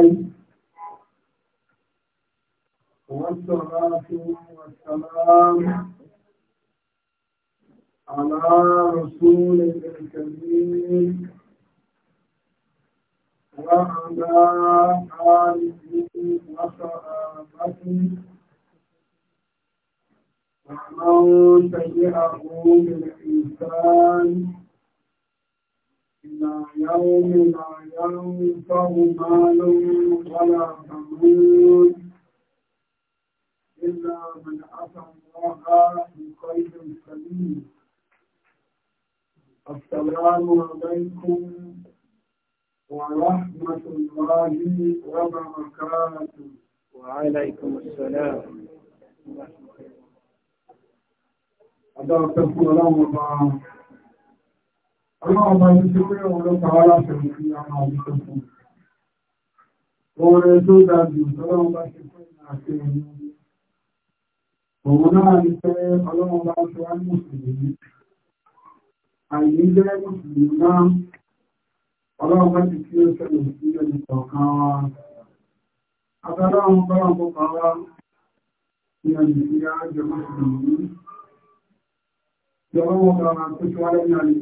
القيم والصلاة والسلام على رسول الكريم وعلى آله وصحابته ومن تبعه بالإحسان إلى يوم لا ينفع مال ولا بنون إلا من أتى الله بقلب سليم السلام عليكم ورحمة الله وبركاته وعليكم السلام ورحمة الله وبركاته Ọlọ́run bá ní tí ó rí òun ló kàwá láti rí sí ọmọ ọdún tó fún. Oore tó dájú ọlọ́run bá ṣe fún ìrìn àti ẹ̀yìn. Òun náà ní pé ọlọ́run bá ṣe wá ní Mùsùlùmí. Àìní jẹ́ Mùsùlùmí náà, ọlọ́run bá ti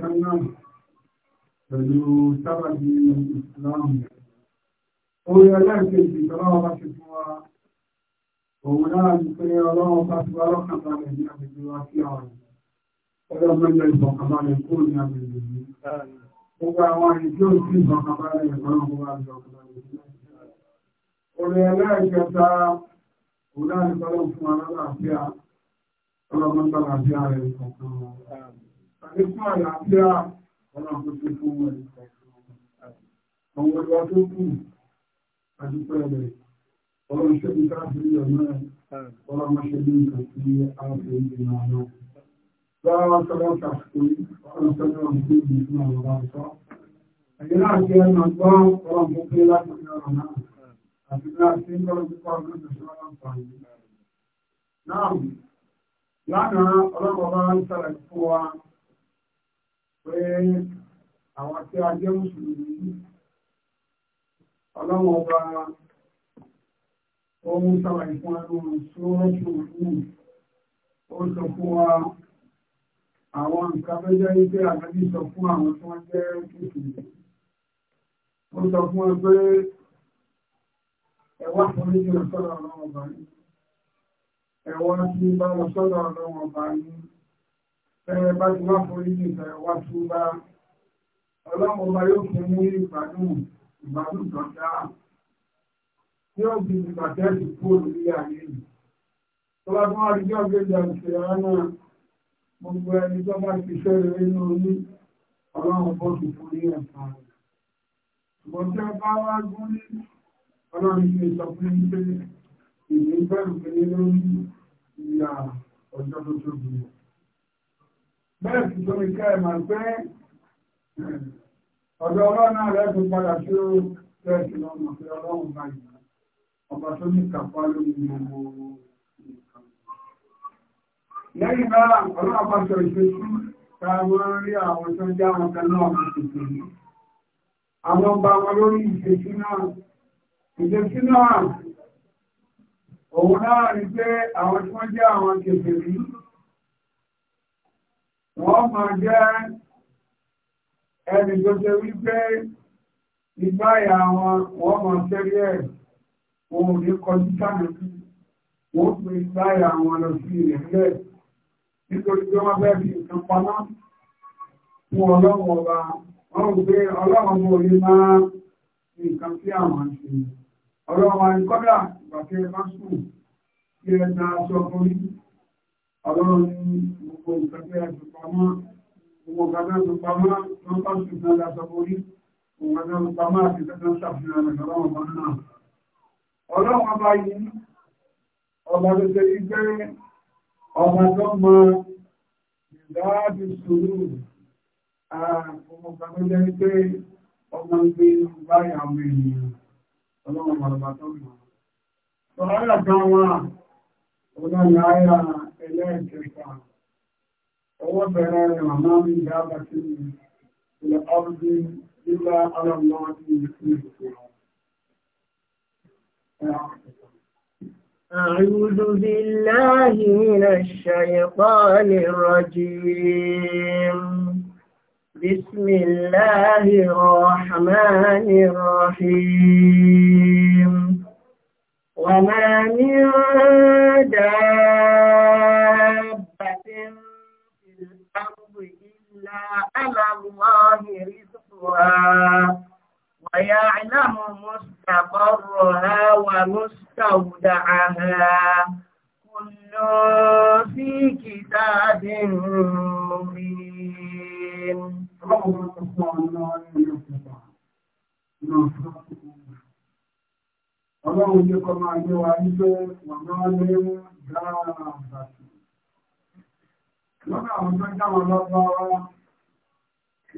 náà pẹ̀lú sábàbí ìsìláàmù. Orí ẹlẹ́ẹ̀kejì ọlọ́wọ́ bá ti fún wa, òun náà ti pé ọlọ́wọ́ bá ti wá lọ́kàn balẹ̀ ní agbègbè wa sí àwọn ọ̀rọ̀ mẹ́lẹ̀ ìfọ̀kànbalẹ̀ kúrò ní agbègbè yìí. Gbogbo àwọn àyè tí ó sí ìfọ̀kànbalẹ̀ ìfọ̀rọ̀ wa lọ. Orí ẹlẹ́ẹ̀kẹta, òun náà ti pẹ́lú fún wa lọ́làáfíà, ọlọ́mọ ọlọ́run tó ṣe fún wọn àwọn ọlọ́wà tó kù àdúpẹ́ rẹ̀ ọlọ́run ṣe ní káàkiri ọ̀nà ọlọ́run ṣe ní nǹkan tí a fi ń dènà náà lára sọ́rọ́ ṣàkóso ọlọ́run tó náà ń gbé fún àwọn ọba sọ ẹ̀yẹ́ náà kí ẹ máa gbọ́ ọlọ́run tó gbé láti ní ọ̀rọ̀ náà àti náà sí ọlọ́run tó kọ́ ọdún tó ṣọ́rọ́ àǹfààní náà lánàá ọlọ́run ọba ń ṣàlàyé fún wa pé àwọn tí a jẹ́ mùsùlùmí ọlọ́wọ́ ọba ohun sáwà ìfún ẹnu sóòrọ́tù òkú ó sọ fún wa àwọn nǹkan tó jẹ́ wípé àgbẹ́bí sọ fún àwọn tí wọ́n jẹ́ kìkìkì ó sọ fún ẹ pé ẹwà foríjì lọ sọ́dọ̀ ọlọ́wọ́ ọba yìí ẹwà tí bá lọ sọ́dọ̀ ọlọ́wọ́ ọba yìí Fẹ́rẹ̀ bá ti wá forí ní ìfẹ́ wá tún bá. Ọlọ́run ọba yóò fún ní ìgbádùn ìgbádùn tó dáa. Yóò fi ìgbà tẹ́sí kúrò lórí ayé yìí. Tó bá tún wá rí jọ́ gbé ìjà ìṣẹ̀lẹ̀ náà, gbogbo ẹni tó bá ti ṣẹ́rẹ̀ nínú orí, ọlọ́run bó ti fún ní ẹ̀fà rẹ̀. Ṣùgbọ́n tí a bá wá gún ní ọlọ́run ṣe sọ pé ń pé ìlú bẹ̀rù pé lórí ìyá ọjọ́ tó tóbi rẹ̀ bẹ́ẹ̀ sì tó ní kẹ́ ẹ̀ máa pé ọ̀dọ̀ ọlọ́run náà lẹ́sùn padà sí ó tẹ́ẹ̀sì lọ́nà pé ọlọ́run báyìí ọba tó ní kàpá lórí gbogbo nǹkan. lẹ́yìn náà ọlọ́run bá sọ ìṣesí ta wọ́n rí àwọn tó ń já wọn kan náà fi tètè yìí. àwọn ọba wọn lórí ìṣesí náà ìṣesí náà òun náà rí pé àwọn tí wọ́n jẹ́ àwọn kèfèrí yìí wọ́n máa jẹ́ ẹni tó ṣe wípé wọn wọ́n máa ṣẹ́rí ẹ̀ ohun ní kọjú sáàmì wọ́n pè ìgbáyà wọn lọ sí ìrìnlẹ̀ nítorí pé wọ́n fẹ́ fi nǹkan fún ọlọ́run ọba wọ́n rò pé ọlọ́run máa nǹkan sí àwọn ọlọ́run ìgbàkẹ́ kí ẹ aṣọ fún ọlọ́run gbogbo nǹkan tó yà tó pamọ́ gbogbo nǹkan tó tó pamọ́ tó ń bá ṣùgbọ́n lásán borí nǹkan tó tó pamọ́ àti tẹ́tẹ́ ṣàfihàn rẹ̀ lọ́wọ́ ọba náà ọlọ́run ọba yìí ọba tó ṣe yí pé ọba tó mọ ìdáàbì sùúrù àwọn nǹkan tó jẹ́ pé ọmọ ń gbé inú báyà àwọn ènìyàn ọlọ́run ọba tó mọ Sọ̀rọ̀ àyàkà wa, ọlọ́run àyà ẹlẹ́ẹ̀kẹta. ربنا بيان من دابة في الأرض إلا على الله رزقها أعوذ بالله من الشيطان الرجيم بسم الله الرحمن الرحيم وما من دابة على الله رزقها ويعلم مستقرها ومستودعها كل في كتاب مبين Ọlọ́run ní kọ máa yẹ wa ní pé wọ́n máa lé dáadáa. Lọ́nà àwọn tó ń dáwọn lọ́gbọ́n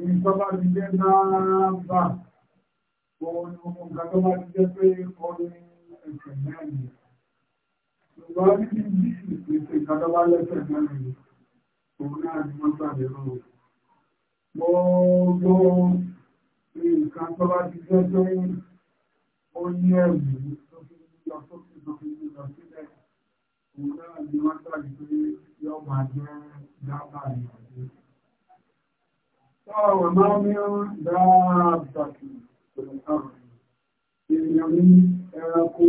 ìjọba ti jẹ́ náà Òun ọ̀gá tó bá ti jẹ́ pé ọdún ẹ̀sẹ̀ mẹ́rin. Ṣùgbọ́n ní kí ní ìpèsè ìkàdọ́bá lẹ́sẹ̀ mẹ́rin, òun náà ni wọ́n gbàdé tó bá ti jẹ́ tó fi lọ sókè tó lọ sílẹ̀, òun náà ni wọ́n gbàdé pé yọ́ máa jẹ́ dábàá ìrọ̀lẹ́. وما من دابة في الأرض إلا من ẹranko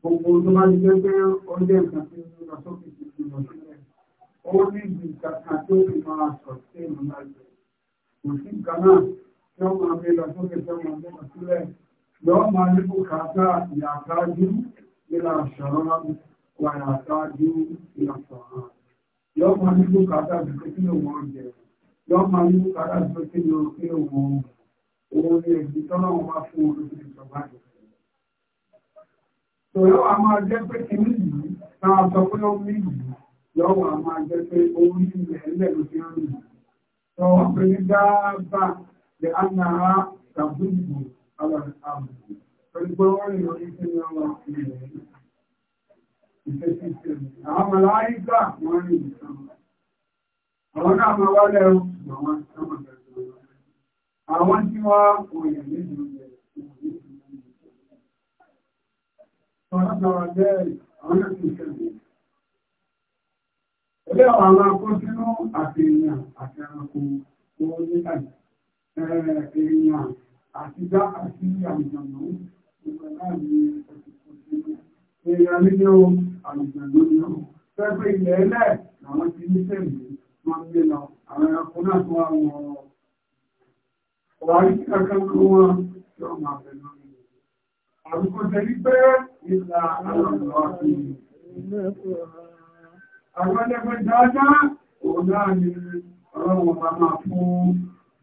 gbogbo tó bá jẹ́ pé ó jẹ́ nǹkan tí ó lọ sókè sí ti lọ sílẹ̀ ó ní ibi kankan tó fi máa sọ sí ìlú láìpẹ́ kò sí nǹkan náà tí wọ́n máa gbé lọ sókè tí wọ́n máa gbé lọ sílẹ̀ lọ́wọ́ máa ní bùkátà ìyàtájú nílà ṣọ̀rọ̀ wà ìyàtájú ìyàtọ̀ yọ́ọ́ máa ní bùkátà bí wọ́n jẹ̀rọ wọ́n máa ní kára tó kí ni ó o òun òun ní ẹ̀bí tọ́lá wọn bá fún òun lórí ìjọba tòyọ́ wa máa jẹ́ pé kìíní yìí náà sọ pé ó mí yìí lọ́wọ́ a máa jẹ́ pé òun ní ilẹ̀ ẹlẹ́ ló fi hàn yìí tọ́ wọ́n pè ní dáàbà lè á nà á tàbúrò àwọn àbùkù pẹ̀lú pé rìn lórí sí ní ọmọ ilẹ̀ ìfẹ́ sí ìfẹ́ àwọn màláíkà wọ́n rìn ìsọ̀rọ̀ Àwọn náà máa wá lẹ́rù àwọn tí wọ́n òyìn nínú ilẹ̀ Ilé àwọn akọ́sínú àti èèyàn àti ẹranko owó ní àìsí èèyàn àti dá àti àìjọ̀nà ìgbẹ̀ láàrin ọ̀sìnkú èèyàn nínú àìjọ̀nà ní ọ̀pẹ́ ilẹ̀ ẹlẹ́ àwọn ti ní tẹ̀lé wọ́n gbé lọ àwọn ẹranko náà tó wà wọ́n ọ̀rọ̀ ọ̀wà rí kankan kó wọn tó máa bẹ̀ lórí àdúgbò tẹ̀lé pé ìlà alọ́lọ́ àti àwọn ẹgbẹ́ dáadáa òun náà ni ọlọ́wọ́n bá máa fún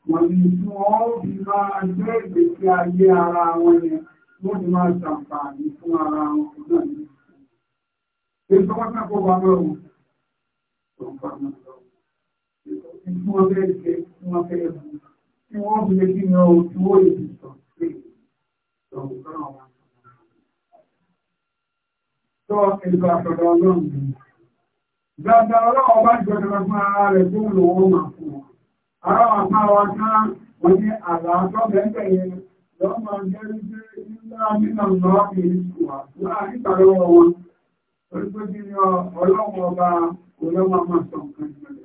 wọ́n ní tí wọ́n fi máa jẹ́ ìgbésí ayé ara tí wọ́n fẹ́ jẹ tí wọ́n fẹ́ mú tí wọ́n fi lè kí ni ohun tí wọ́n lè fi sọ pé ìtọ̀wọ̀ sọ́nà wọn. Sọ ètò àtọ̀dọ̀ ọlọ́run ni. Dáadáa ọlọ́run bá jọjọ fún ara rẹ̀ tó ń lò wọ́n mà fún wọn. Ara wọn pa wa tán wọ́n ní àlà àtọ́bẹ̀ẹ́bẹ̀ yẹn lọ́ máa jẹ́ wípé ọba olóòwò máa sọ nǹkan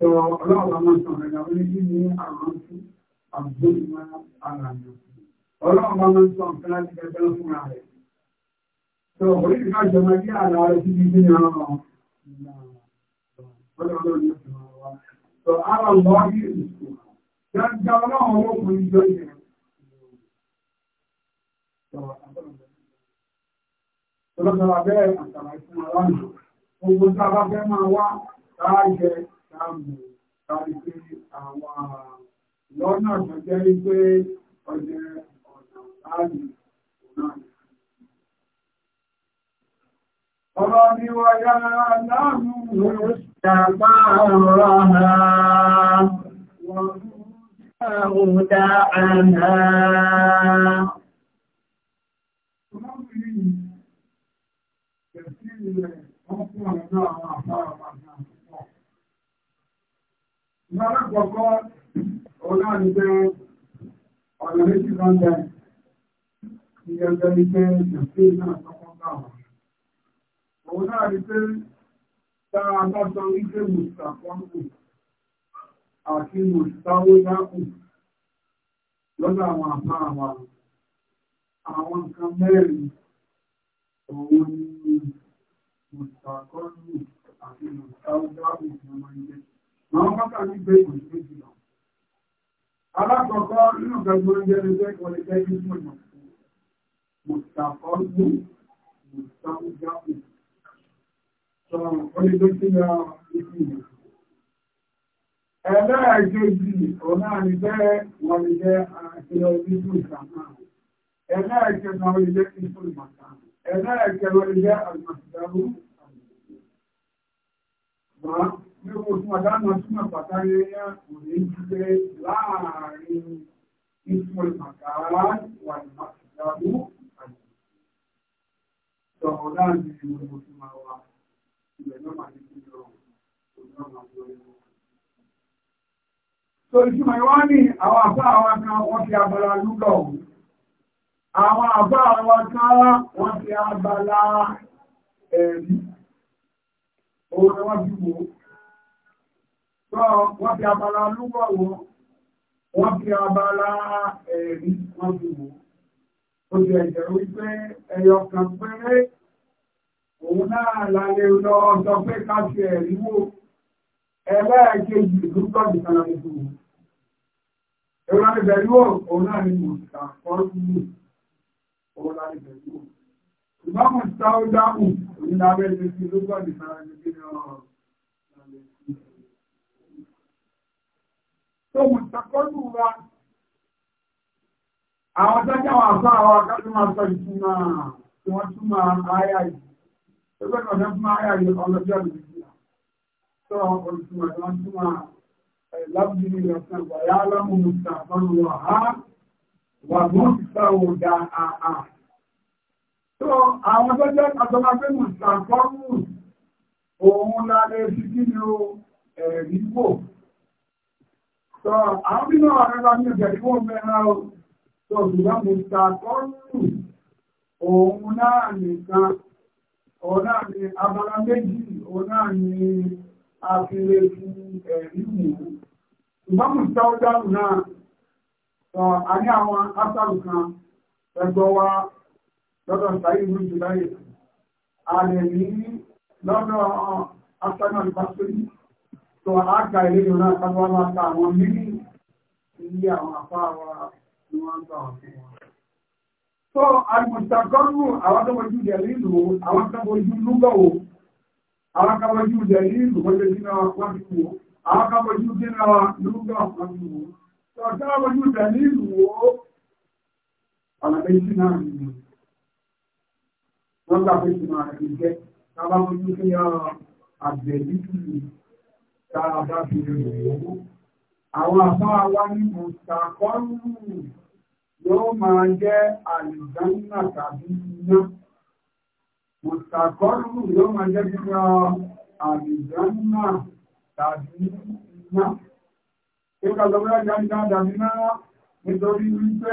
sọ ọlọ́run àwọn sọ̀rọ̀ ẹ̀dá ó ní kí ní àwọn tí àbúrò ara rẹ̀ ọlọ́run bá máa ń sọ nǹkan láti gẹ́gẹ́ fúnra rẹ̀ sọ orí ìka jọmọ bí ara rẹ̀ ti di bí ní ọlọ́run ọlọ́run ní ọ̀sán wa sọ ara lọ bí èso gbàgbà ọlọ́run owó kò ní jọ yẹn. Ọlọ́run bá bẹ́ẹ̀ àtàlàyé fún wa lánàá. Gbogbo tí a bá fẹ́ máa wá, táàmù kárí pé àwọn lọ́nà tó jẹ́ wípé ọjẹ́ ọ̀nà láàyè náà. Ọ̀rọ̀ ni wọ̀yá láàmú ìjàmbá ọ̀rọ̀ ha wọ́n ń dá àná. Ọmọbìnrin yìí, kẹ̀sí ilẹ̀ ọkùnrin náà àwọn Ìgbàlápọ̀kọ́ ọ̀nà ni pé ọ̀nà méjì kan jẹ́ ìyẹ̀jẹ́ ni pé ìṣẹ́ náà tọ́kọ́ bá wà. Òun náà ni pé táa bá sọ wípé Mùsàkọ́kù àti Mùsàwóyákù lọ́dọ̀ àwọn àpá àwa. Àwọn mọ́ta ní gbé ìwọ̀n tó jùlọ. Alákọ̀ọ́kọ́ nínú gbogbo ẹgbẹ́ ẹgbẹ́ ìwọ̀lẹ̀ jẹ́ ní fún ìmọ̀ fún Mùsàkọ́lù Mùsàkọ́lù. Sọ ọlẹ́ tó ti ya ìfì ìmọ̀. Ẹlẹ́ẹ̀kejì ọ̀nà àrígbẹ́ wọ́n jẹ́ àṣeyọ ìfún ìsàmà. Ẹlẹ́ẹ̀kẹ́ ṣùgbọ́n ní owó tí wọ́n dáná túmọ̀ pàtàkì ẹ̀yà kò ní í ṣe láàárín ìtumọ̀ ìmàkàrà wà ìmàkàrà Sọ̀rọ̀ náà ni mo ti máa wà ilẹ̀ náà máa ní kí n lọ òun náà máa lọ ẹ̀wọ̀n. So ìtumọ̀ ìwá ní àwọn àbá àwọn kan wọ́n fi abala lúlọ̀ òun. Àwọn àbá àwọn kan wọ́n fi abala ẹ̀rí òun ni wọ́n fi wò ó wọ́n fi abala lúgbọ̀ wò wọ́n fi abala ẹ̀rí wọ́n fi wò ó ti ẹ̀jẹ̀ wípé ẹyọ kan péré òun náà lálẹ́ lọ sọ pé ká fi ẹ̀rí wò ẹlẹ́ẹ̀kejì lúgbọ̀ nìkan lálẹ́ fi wò ẹ̀rọ lálẹ́ bẹ̀rù òun náà ni ìbámu sáwọ́ dáhù nínú abẹ́ ilé tí ló gbọ́ ní sára ní kíni ọ̀rọ̀. tó mú sàkọ́lù wa àwọn tẹ́jọ́ wà fún àwọn akájú máa sọ ìtumọ̀ tí wọ́n túmọ̀ àyà yìí tó gbẹ́dọ̀ ní fún àyà yìí ọlọ́jọ́ ìrìnà tó olùtumọ̀ tí wọ́n túmọ̀ lábùdí ní ọ̀sán tó àwọn tó jẹ́ àtọ́lápẹ́ mùsàkọ́rù òun lálẹ́ sí kí ni ó ẹ̀rí wò tó àwọn bí náà rẹ̀ bá ní ìjẹ̀rí wò mẹ́ra ó tó ṣùgbọ́n mùsàkọ́rù òun náà nìkan òun náà ni abala méjì òun náà ni àfilẹ̀ fún a ní lọ́dọ̀ sáyé ní jùláyé ààrẹ ní lọ́dọ̀ asánà ìbásórí tó àgbà ilé ìrìnà àtàwọn aláta àwọn mílí ilé àwọn afáwà ni wọ́n ń gbà wọ́n fún wọn. tó àìmọ̀tàkọ́rù àwọn tó wọ́n jù jẹ́ lílù àwọn tó wọ́n jù lúgọ̀wò àwọn tó wọ́n lílù wọ́n jẹ́ sínú àwọn kan wọ́n gbà pé ìmọ̀ àti jẹ́ tábà mú ní kí yọ àgbẹ̀ nítorí tá a bá fi rẹ̀ owó. Àwọn àbá wa ní Mùsàkọ́rù yóò máa jẹ́ àlùdánná tàbí iná. Mùsàkọ́rù yóò máa jẹ́ kíkọ́ àlùdánná tàbí iná. Kíkọ́ lọ́wọ́ ẹ̀dá ìdá dàbí náà nítorí wípé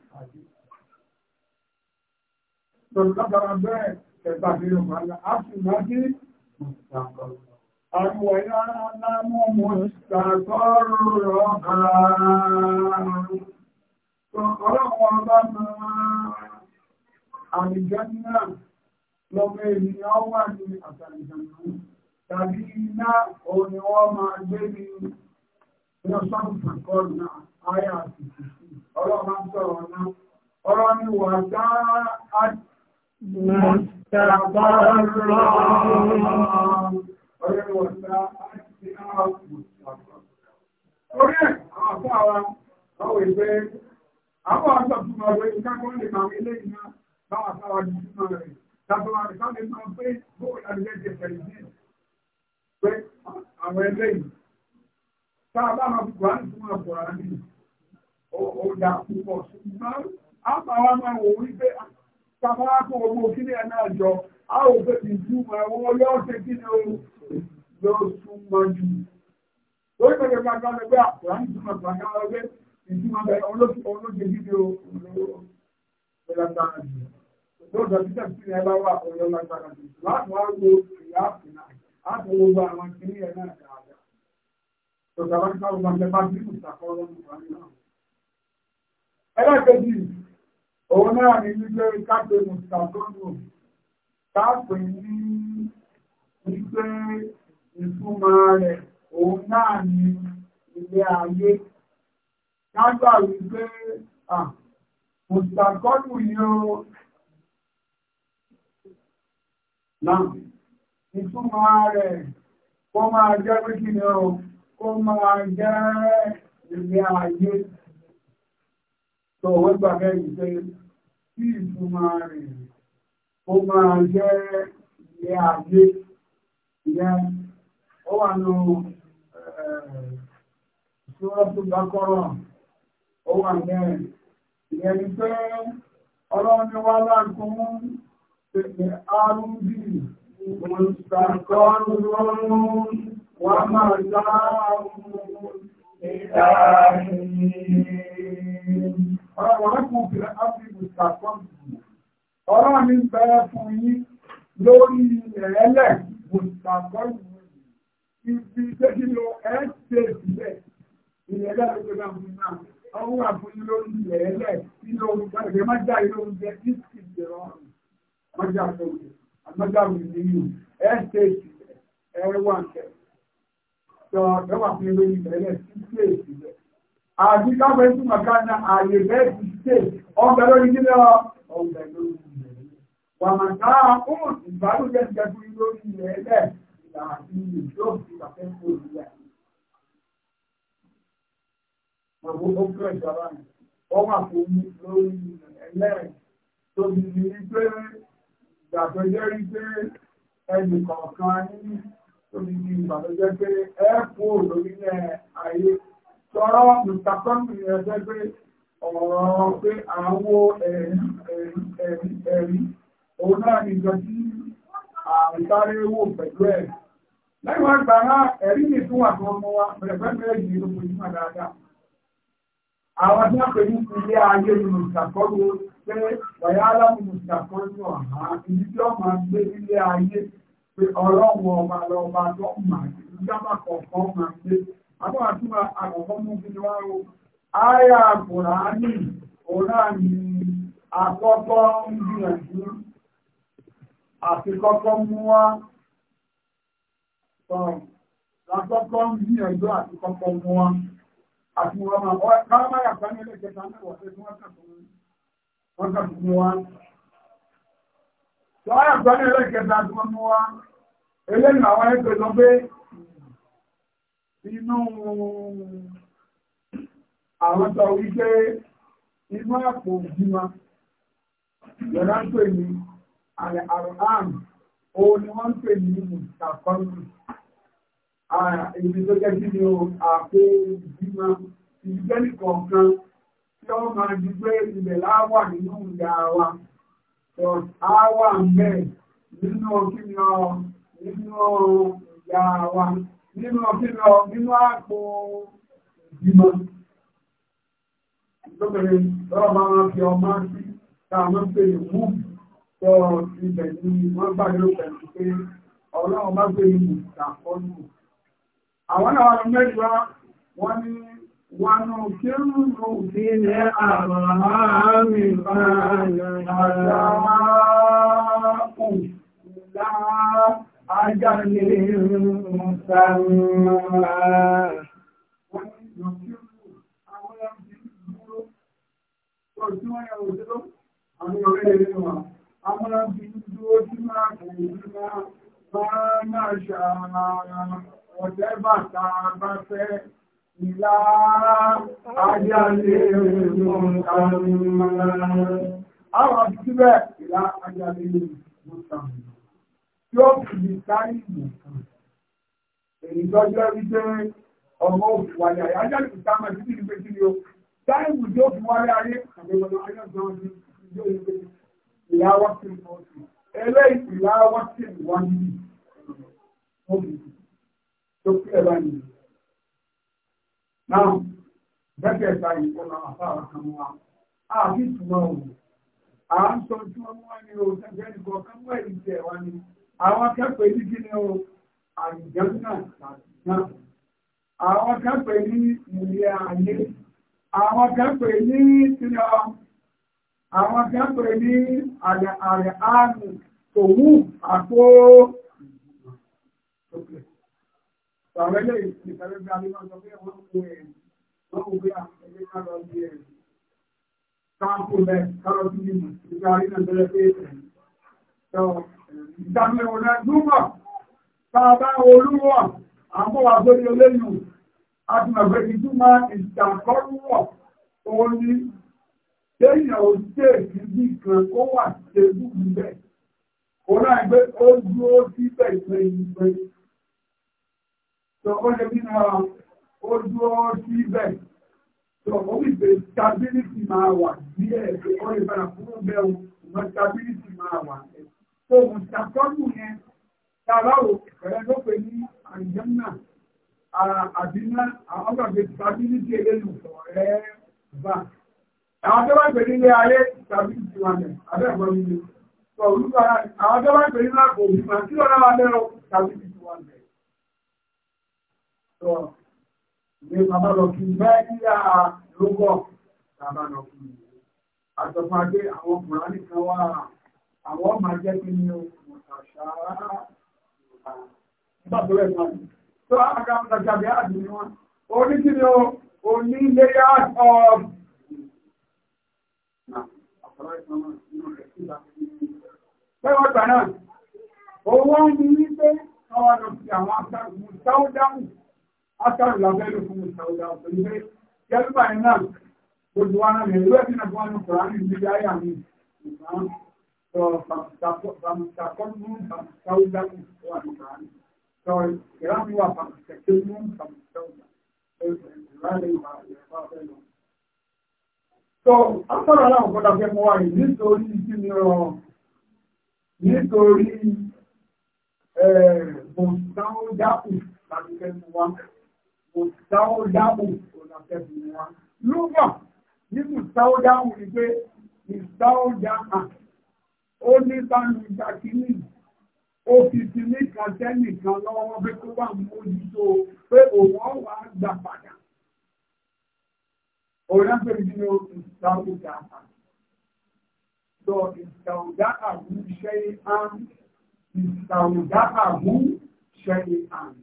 Tòlùkátara bẹ́ẹ̀ ẹ̀bà ní ọmọ alá, a sì máa dé mọ̀sàkọ́rọ̀. Àwọn ẹ̀yà alámọ́ mọ̀sàkọ́rọ̀ ọ̀kàrà. Ọlọ́run ọba máa àrìjẹ́ náà lọ́mọ ènìyàn wà ní àtàrìjànà tàbí iná òun ni wọ́n máa gbé ní lọ́sọ́rùn-ún náà ayà àti Orí ẹ̀ àwọn àfáwà báwo ìgbé àwọn àṣàtúmọ̀ ọ̀rọ̀ ìkágbọ́n lè kàwé ilé ìná báwọn àfáwà di súnmọ̀ rẹ̀. Tàbíwà rẹ̀ sáàbẹ̀ máa pé bóò lábílẹ̀ jẹ pẹ̀lú sí pé àwọn ẹgbẹ́ yìí. Tàbá máa fi kùránì súnmọ̀ ọ̀pọ̀ rà ní ó dà púpọ̀ ṣùgbọ́n àfáwà máa wò wípé àti tàbárákù owó kí ní ẹ̀nà àjọ a ò fẹ́ ti súnmọ́ ẹ̀wọ́n yóò ṣe kí ní ohun ló súnmọ́ jù lórí pẹ̀lú gbàgbà lẹ́gbẹ́ àkùránì súnmọ́ gbàgbà lẹ́gbẹ́ ìsúnmọ́ bẹ olóṣèlú kí ní ohun ló lágbára jù lóòótọ́ títẹ̀ sí ní ẹbá wà ọ̀yọ́ lágbára jù láti wá wo ìyá àfìnà láti wo gba àwọn kìíní ẹ̀ náà dáadáa tòtàbákítà ọgbà mẹ́fà bí mùsàkọ́ ọlọ́run Òun náà ni wípé kápẹ́ Mùsàtọ́nù kápẹ́ ní wípé ìtumọ̀ rẹ̀ òun náà ni ilé ayé. Kágbà wípé Mùsàtọ́nù ni ó náà ìtumọ̀ rẹ̀ kó máa jẹ́ pé kí ni ó kó máa jẹ́ ilé ayé. Tó wọ́n gbà mẹ́rin pé tí maara ó máa jẹ́ ilé ayé ìyẹn ó wà nù ṣúrọ́tù bákọ́rọ̀ ó wà bẹ́ẹ̀ ìyẹn ni pé ọlọ́run ni wá láǹkó mú pèpè arúgbì mùsàkọ́rù lọ́rùn wà máa ọ̀rọ̀kùn fìlẹ̀ áfíríkù sàkọ́ǹtì ọ̀rọ̀ mi bẹ̀rẹ̀ fún yín lórí ẹ̀ẹ́lẹ̀ mùsàkọ́ǹtì ibi tẹ́kí lo ẹ̀ẹ́sẹ̀ sílẹ̀ ìrẹ̀lẹ̀ ló gbé náà fún náà ọwọ́ àfúnyí lórí ẹ̀ẹ́lẹ̀ ilé ohun gbàgbé má já ilé oúnjẹ tí kì í jẹ ọrùn má já sókè àmọ́já mi ní yìí ẹ̀ẹ́sẹ̀ sílẹ̀ ẹ̀ẹ́wà kẹ̀ tọ́ ẹ̀wà fún ilé ìrẹ̀lẹ̀ sí àti káfẹ́ sí màkà ní ààyè bẹ́ẹ̀ ti ṣe ọgbẹ́ lórí nílẹ̀ ọgbẹ́ lórí ilẹ̀ wàmàtà ọmọ ìbálòjẹ́ ti jẹ́kú lórí ilẹ̀ ẹlẹ́ àti ìjọba ti kàfẹ́ sí òrìlẹ̀ Màbó ó kúrò ìjọba ni, wọ́n wà fún mi lórí ẹlẹ́rìn tó bí mi ní pé ìgbàgbọ́ jẹ́ rí pé ẹnì kọ̀ọ̀kan ní tó bí mi ìgbàgbọ́ jẹ́ pé ẹ kú lórílẹ̀ ayé sọ̀rọ̀ mùsàkọ́mù ẹgbẹ́ pé ọ̀rọ̀ pé àwọ ẹ̀rí òun náà nìjọ tí àrùtáré wò pẹ̀lú ẹ̀ lẹ́yìn wọ́n gbà náà ẹ̀rí ní fún àwọn ọmọ wa pẹ̀lẹ̀pẹ̀ méjì ló fojú mà dáadáa àwọn tí wọ́n pè ní ilé ayé ni mùsàkọ́mù pé wọ̀yá alámù mùsàkọ́mù àhá ìdí tí wọ́n máa gbé ilé ayé pé ọlọ́run ọba lọ́ba tó mà nígbà kọ̀ọ̀kan àwọn àdúrà àkọ́kọ́ mú bí wá o àyà kùránì òrà ní àkọ́kọ́ ń gbìyànjú àti kọ́kọ́ mú wá àkọ́kọ́ ń gbìyànjú àti kọ́kọ́ mú wá àti wọ́n máa wọ́n máa máa yàtọ̀ ní ilé ìjẹta náà wọ́n tẹ́tí wọ́n kàn fún wọ́n kàn fún wa. Sọ àyàtọ̀ ní ilé ìjẹta tí mú wá eléyìí àwọn ẹgbẹ̀rún pé inú àwọn sọ wípé inú àpò òjìmá lọ́nà ń pè ní àlẹ́ àrùn ó ní wọ́n ń pè ní mùsàkọ́nù ibi tó jẹ́ kí ni àpò òjìmá ìgbẹ́ni kọ̀ọ̀kan tí ó máa di pé ilẹ̀ láwà nínú ìyá wa àwà mẹ́ nínú kí ni ọ nínú ìyá wa nínú ọ̀fíìnà nínú àpò ìgbìmọ̀ lóbìnrin lọ́wọ́ máa ń fi ọmọ sí táwọn pè ní mú sọ ibẹ̀ ní wọ́n gbà ní pẹ̀lú pé ọlọ́run bá gbé ìlú ìtàkọ́lù àwọn àwọn ọmọ mẹ́jọ wọ́n ní wọnú kírùnù sí ní àmàmì báyìí àjá أجل مسمى Àwọn abìndúró tí máa kìí máa máa máa ṣàrà ọ̀tẹ́bà tàà bá fẹ́ ìlà ajáde mọ́ta. Àwọn abìndúró ìlà ajáde mọ́ta yóò fi lè sáré ìmọ̀ kan. Èyí tó jẹ́ wípé ọmọ òfin wáyé ayé, ajá lè sá máa títí ní pété ni o. Táìmù yóò fi wáyé ayé, àgbẹ̀wọ̀n ayé gan ni yóò ní pé ìyáwó sí ìmọ̀ sí. Eléyìí ìyáwó sí ìwọ́ níbi. Mo bì í. Tó kí ẹ bá nìyí. Náà, bẹ́ẹ̀ ta ìkọlà àfáàrà kan wá. A kì í túmọ̀ òun. À ń sọ tí wọ́n mú wá o, ṣẹ́gbẹ́ nìkan, kán mú ẹ̀yìn tẹ̀ wá ní àwọn akẹ́pẹ̀ ní kí ni o àjẹ́mìnà àti náà àwọn akẹ́pẹ̀ ní ilé ayé àwọn akẹ́pẹ̀ ní tíra àwọn akẹ́pẹ̀ ní àrẹ ààrùn tòwú àpò Ìgbàwẹ́lẹ̀ ìpẹ̀lẹ̀ bí a lè máa sọ pé wọ́n kú ẹ̀ wọ́n kú bí a lọ bí ẹ̀ káàkùn bẹ́ẹ̀ ká lọ sí ìmọ̀ ìgbà ìgbàmì ọ̀nà gbúmọ̀ tàbá olúwọ̀ àmúwà lórí olóyìn àtìmọ̀gbẹ̀ ìtumọ̀ ìtàkọ́rúwọ̀ òun ni téèyàn ò tèèkì bí kan ó wà tèébù níbẹ̀ òun àgbẹ̀ ó dúró síbẹ̀ ìpẹ́ ìgbẹ́ tó ó lè nínú ó dúró síbẹ̀ tó ó wí pé stability máa wà díẹ̀ ó lè padà fún bẹ́ẹ̀ ṣùgbọ́n stability máa wà ní tó mùsàkọ́nù yẹn tàbáwò pẹ̀lẹ́ ló pè ní àìjọ́nà àbíná àwọn ọgbàgbé stability eléyìnbọ̀ rẹ̀ bá àwọn tó bá pè nílé ayé stability wà ní abẹ́ẹ̀kọ́ nílé àwọn tó bá pè nílé àpò òbímọ tí lọ́nà wà bẹ́rọ stability wà ní ní bàbá lọ kí mẹ́ríà lógọ́ bàbá lọ kí àtọ́fàgbé àwọn ọkùnrin kan wà àwọn ọmọ ajẹ́ pé ní ọ̀ṣà ìgbàgbọ́rẹ̀ náà tó àgbà ọ̀ṣàgbé àdì ni wọ́n orí kí ni o ní layout of pẹ́wọ́ gbà náà owó ń bí wípé ọwọ́ lọ sí àwọn mùsáúdáhùn átàrù lábẹ́lú fún mùsáúdáhùn pẹ̀lú pé kẹ́lúbà náà gbogbo wa náà lè lọ́ẹ̀sìn àgbọ́nù kọ̀ọ̀rọ̀ ní So Bhamsakunun Bhamsaudan Swamikan. So Ramwa Bhamsakunun Bhamsaudan. So afọ́nà aláwọ̀ gbọ́dọ̀ fẹ́ mọ́ wáyé nítorí kí ni ọ nítorí bòtáódápù láti fẹ́ mọ́ wá bòtáódápù láti fẹ́ mọ́ wá. Lúgbà ní bòtáódápù ni pé ìsáódá àti ó ní báyìí ìgbà kìíní ó fi ti ní kàtẹ́nìkan lọ́wọ́ pé kó bá mójútó pé òun ọ̀wà gbà padà òun á pè ní ìsàwùdà sọ ìsàwùdà àbú ṣe àn ìsàwùdà àbú ṣe àn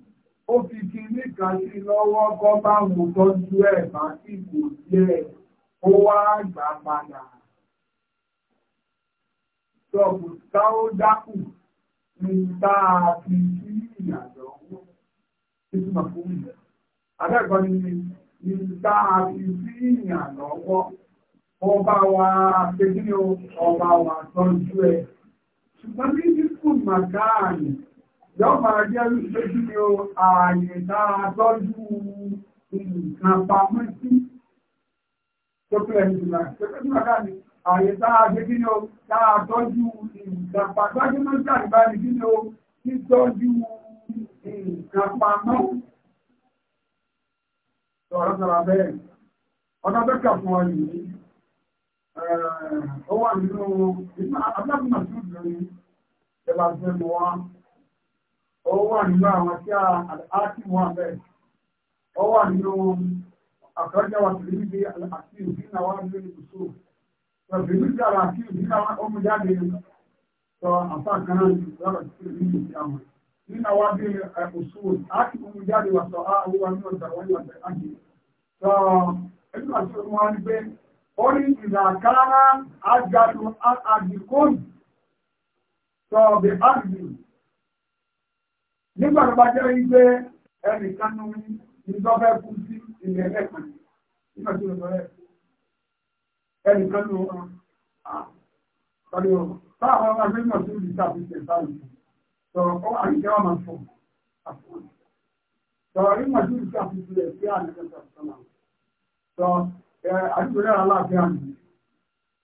ó fi ti ní kan sí lọ́wọ́ kọ́ bá wù tọ́jú ẹ̀ bá sì kò díẹ̀ ó wá gbà padà sọ̀bù sáódákù ní tá a fi sí ìyàjọ́ owó títí mà fún ìyà. Abẹ́ẹ̀kọ́ ni ní tá a fi sí ìyàjọ́ owó ọba wa ṣèkínní ọba wa tọ́jú ẹ. Ṣùgbọ́n ní dínkù màkáàní yóò máa jẹ́ ṣèkínní ààyè tá a tọ́jú nǹkan pamọ́ sí. Tó pẹ́ ẹni jùlọ, ṣèkínní màkáàní ààyè táa gbé kí ni ó táa tọ́jú ìgbàpá tọ́jú mọ́ sí àgbà ní kí ni ó tí tọ́jú ìgbàpá mọ́. Sọ̀rọ̀ sọ̀rọ̀ bẹ́ẹ̀. Ọ̀dọ́ bẹ́ẹ̀ kà fún ọ yìí. Ó wà nínú abúlábùmọ̀ tó dùn ní ìjọba fẹ́ mọ́ wá. Ó wà nínú àwọn tí a ti mọ́ abẹ́. Ó wà nínú àkọ́jọ́ wa tìlú níbi àti ìdí náà wà nínú ìbùsùn. Ìbí tí ara kí ìbí káwọn ọmọ jáde sọ àfáà kan náà lọ́rọ̀ tí ìbí yìí ti àwọn. Nínú wa bí òṣùwò, a kì ọmọ jáde wà sọ àwọn wa nínú ọjà wọ́n yà bẹ̀rẹ̀ ájì. Sọ ẹgbẹ́ àti ọmọ wa ni pé ó ní ìlàkára àjàdù àdìkóyì. Sọ bẹ̀ ájì. Nígbà tó bá jẹ́ wípé ẹnìkan ní ìjọba ẹkú sí ilẹ̀ ẹ̀kan. Nígbà tó lọ sọ ẹnìkan ló wọn tàbí ọ̀rọ̀ táwọn ọmọ ẹgbẹ́ náà tó lè ṣàfihàn sáàlù sọ̀rọ̀ ọ àyíká wà máa fọ̀ sọ̀rọ̀ rí màá tó lè ṣàfihàn sí àyíká sọ̀rọ̀ sọ àdúgbò náà aláàfin àmì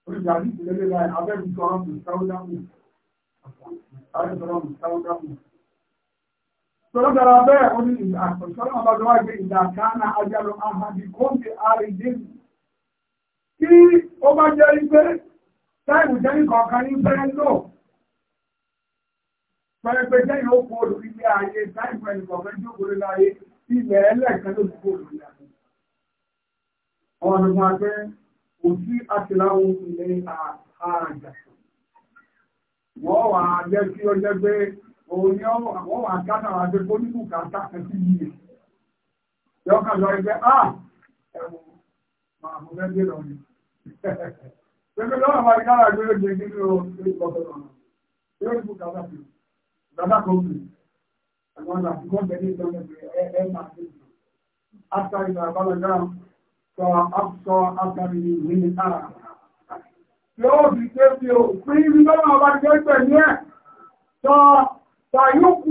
oríṣi àdúgbò lélẹ̀ láì abẹ́rù sọ̀rọ̀ mù sáúdámù sọ̀rọ̀ dára bẹ́ẹ̀ ó ní ìlà àkọ́sọ́rọ̀ ọmọdé wáyé ìlà kánà ajálù ahàbí kóńtì àrídìí tí ó bá jẹ́ ipé táìmù jẹ́ nìkọ̀ọ̀kan ní fẹ́ lò pẹ́ẹ́pẹ́ jẹ́ yóò kó olùrí ilé ayé táìmù ẹnìkọ̀ọ̀kan tí ó kó lé láyé ilẹ̀ ẹlẹ́ẹ̀kan ló ti kó olùrí ayé ọmọ mi máa pẹ́ kò sí àtìláwọ̀ ilẹ̀ àjà wọ́n wà á jẹ́ kí ó jẹ́ pé òun ni wọ́n wà á kátà wà lọ ẹgbẹ́ ah ẹ̀wọ̀n màá mo fẹ́ gbé lọ ni. Pẹ̀lú lọ́wọ́ àwọn àríkàrà gbé lóde nínú ìlọ́pẹ̀lọ́ náà. Yóò fún kàwá sí. Bàbá kan kù. Àwọn àgbà tí wọ́n tẹ̀lé ìjọba ẹ̀ máa ṣe jù. After ìgbà àbálọ̀dá sọ after after the win ara. Ah. Yóò fi ṣe fi òpin ibi lọ́wọ́ àwọn àríkàrà pẹ̀lú ẹ̀. Sọ Tàyókù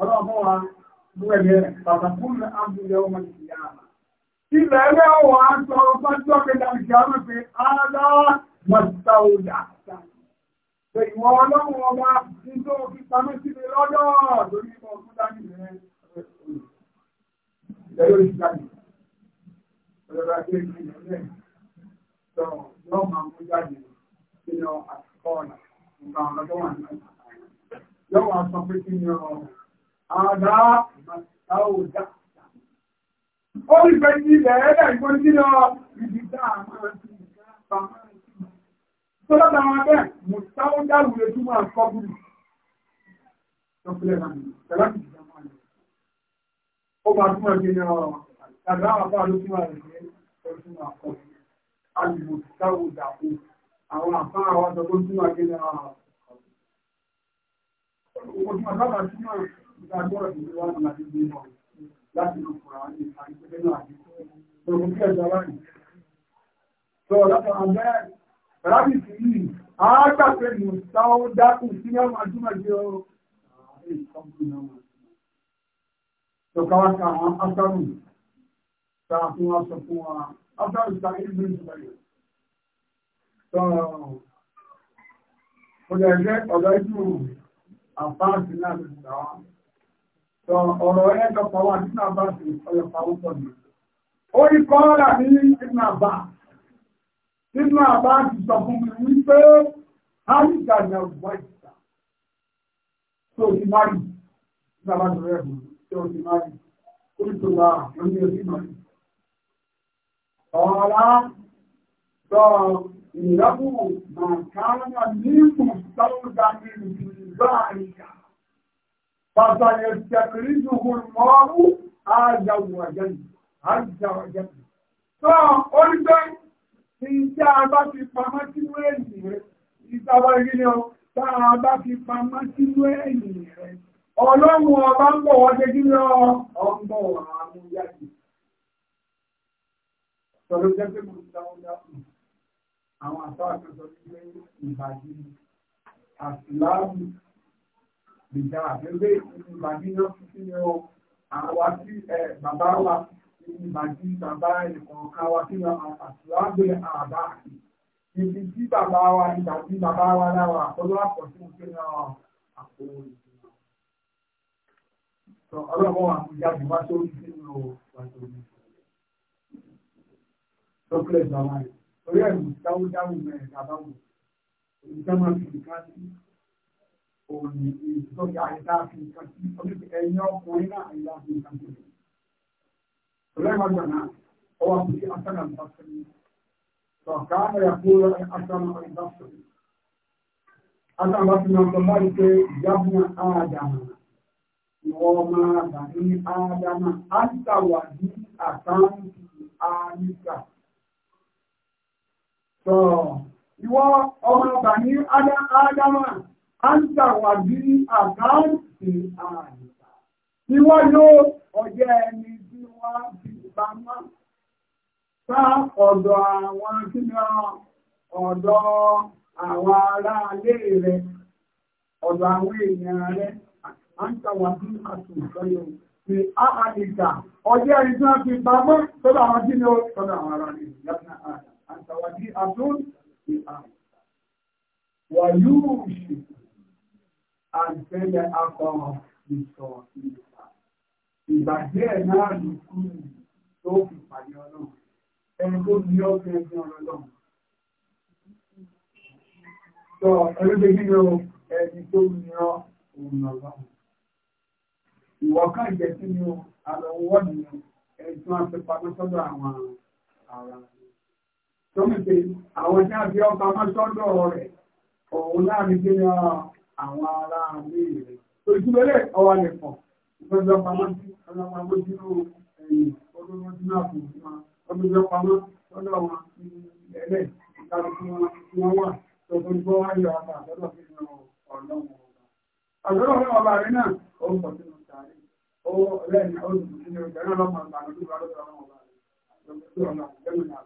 ọlọ́pọ̀ wa mú ẹ̀yẹ pàtàkì ní ọmọ ìyá ilẹ̀ ẹgbẹ́ wà á sọ ọgbájọ́ kẹta ìṣẹ́ ọmọ pé ara mọ̀ta òdà pé ìwọ ọlọ́run ọba ní tó fi pamọ́ sí mi lọ́dọ̀ lórí ìmọ̀ fún dání rẹ̀ ìjẹ́ yóò ṣe jáde ọlọ́dọ̀ ajé ìpínlẹ̀ rẹ̀ sọ yọ́ máa mú jáde nínú yọ́wọ́ aṣọ pé kí ni ọ̀rọ̀ àdá àwòdá. Ó rí pé ní ilẹ̀ ẹ̀dá ìgbọ́n ní lọ ibi dá àwọn ti ìgbà pamọ́ sí. Tó lọ́dà wọn bẹ́ẹ̀, mo táwọn dárò lè túmọ̀ àkọ́bùrù. Tọ́kùlẹ̀ náà ni, tẹ̀lá ti dìjà máa lọ. Ó máa túmọ̀ sí ni ọ̀rọ̀ àdá àwọn afárá ló túmọ̀ rẹ̀ ní ọdún àkọ́bùrù. Àlùmọ̀ táwọn dàpọ̀ àwọn afárá wa sọ pé túmọ̀ sí ni ọ̀rọ̀ Ogun àbábà tí náà ìdájọ́ ìlú wà láti gbé lọ láti lọ fura ní àìpẹ́lẹ́ náà àti ogun kí ẹ̀dá wáyé. Sọ látọ̀ àbẹ́ rábì sí yìí, a gbàgbé mú sáwọ́ dákù sí náà àjúmọ̀ jẹ́ ọ. Sọ̀káwá ka àwọn afẹ́rù ta fún wa sọ fún wa, afẹ́rù ta ìlú àbáàsì náà ti gbà wá. Sọ ọ̀rọ̀ ẹ̀ dọ̀pọ̀ wá nínú àbáàsì ọ̀yọ̀ pàwọ́pọ̀ mi. Ó ní kọ́ọ̀rà ní nínú àbá. Nínú àbá ti sọ fún mi wípé Áyíká ni ọ̀gbọ́n ìta. Tó o ti má rí. Nígbà bá tó rẹ̀ bù, tó o ti má rí. Ó ní tó lórí ojú náà. Ọ̀la sọ ìyàwó màkàrà ní ìfún sọ́wọ́dá nínú ìlú. باركة فسيستخرجه الله عز وجل عز وجل فأولئك إن شاء في فما تنوين إذا Táà bá fi pamọ́ sínú ẹ̀yìn rẹ̀. Ọlọ́run ọba ń bọ̀ wọ́n jẹ́jú lọ ọmọ àmúyájú. Sọ̀rọ̀ jẹ́ pé mo ń dáwọ́ dákùn. Àwọn àtọ́ àtọ́sọ nílé ìbàdí àsìláàmù gbèjà àbẹ̀lẹ̀ ìbàdí náà fi sí ni ọ àwa tí bàbá wa ìbàdí bàbá ìkọ̀ọ̀kan wa tí wọn àtúwágbé àbá àti ibi tí bàbá wa ìbàdí bàbá wa láwa àkọlọ́ àpọ̀sí wọn pé náà àpò ìdìbò ọlọ́run wa kò jáde wá sórí sínú wà sórí lọ́pẹ́lẹ̀ bàbá rẹ̀ orí ẹ̀rù táwọn dáhùn mẹ́rin bàbá wọn ìjọba fi òní ìtọ́jú àìdáàfi nǹkan sí oníṣẹ́ ẹ̀yìn ọkùnrin náà àìdáàfi nǹkan sí. Ọlọ́mọdé náà, ó wá sí Asana Ìbásẹ́mi. Sọ̀ká ẹ̀yà kúrò Asana Ìbásẹ́mi. Asana Ìbásẹ́mi náà sọ láti pé ìyábùn Ádámà. Ìwọ ọmọ àgbàdì Ádámà, Ásàwàdí àkáǹtì Áníkà. Sọ ìwọ ọmọ àgbàdì Ádámà áńtà wà bí àkáǹtì àìsà tí wọ́n yóò ọjọ́ ẹni tí wọ́n fi pamọ́ sá ọ̀dọ̀ àwọn kíni ọ̀dọ̀ àwọn aráalé rẹ̀ ọ̀dọ̀ àwọn èèyàn rẹ̀ áńtà wà bí àtúntò yóò fi àìsà ọjọ́ ẹni tí wọ́n fi pamọ́ sọ́dọ̀ àwọn kíni ó àwọn aráalé rẹ̀ yàtọ̀ àìsà àtàwà bí àtúntò yóò fi àìsà wà yóò And send the àgbẹ̀lẹ̀ akọ̀rọ̀ ìsọ̀ ìgbà. Ìbàjẹ́ ẹ̀ náà ló kú tó fi pàdé to Ẹni tó ní ọ̀fẹ́ ẹgbẹ́ ọlọ́run. Sọ ẹlẹ́gbẹ́ nínú ẹni tó ní ọ òun ọlọ́run. Ìwọ̀ká ìjẹ́ sí ni àlọ́wọ́ nìyẹn ẹni and it's not pamọ́ sọ́dọ̀ àwọn ará. Tọ́mìtì àwọn tí a fi ọkọ̀ pamọ́ sọ́dọ̀ rẹ̀ òun láàrin kí ni ọ̀rọ̀ àwọn ará ilé rẹ̀. Olùdíbẹ̀lẹ̀ ọwọ́ lè pọ̀. Ìgbẹ́jọ́ pamọ́ sí ọlọ́pàá dínú ẹ̀yìn ọlọ́pàá dínú àbùkù wọn. Ọgbẹ́jọ́ pamọ́ lọ́dọ̀ wọn ní ẹlẹ́ ìkàlùkù wọn tí wọ́n wà. Tọ́gbọ́n gbọ́ wá yọ ọba àtọ́dọ̀ fi hàn ọlọ́run ọba. Àgbẹ̀rọ̀ ọlọ́run ọba rẹ̀ náà ó ń pọ̀ sínú sàárè. Ó lẹ́yìn olùdíbẹ̀lẹ̀ ọlọ́run ọba rẹ̀ náà lọ́dọ̀ ọlọ́run ọba rẹ̀. Àgbẹ̀rọ̀ ọlọ́run ọba rẹ̀ náà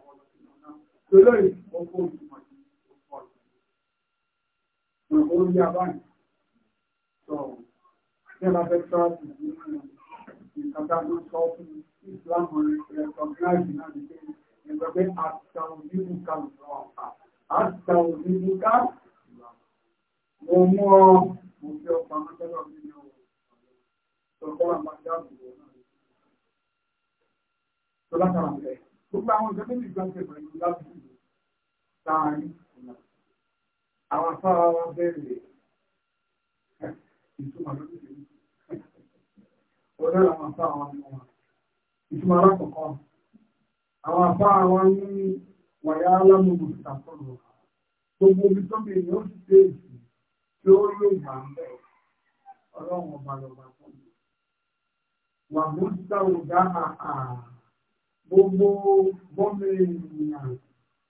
olóyè abáyé sọ ṣé la fẹ́ tíráàtì nínú ìkàtà ló sọ fún Islam rẹ̀kọ̀gíláàjì náà ní pé ẹgbẹ́ pé àtà òdìbò kàlù lọ àpá àtà òdìbò ká mo mú ọ mo fi ọ̀pá mọ́tẹ́lọ̀ nínú ọ̀pọ̀ àmàjá àbúrò náà. Tọ́lá kàrà ń bẹ̀. Gbogbo àwọn ìjọba ìgbàgbé pẹ̀lú láti ṣe tààrí àwọn afárá wọn bẹ̀rẹ̀ ìtumọ̀ lórí ọ̀rẹ́ àwọn afárá wọn ni wọn ìtumọ̀ alákọ̀ọ́kọ́ àwọn afárá wọn ní wàyá alámùmù ìtàkùnrù gbogbo omi tó bèèrè ó ti dé èsì tí ó lè gbà ń bẹ̀ ọlọ́run ọba lọ́ba fún mi wà mú sáwò dáhà àà gbogbo bọ́mọ ènìyàn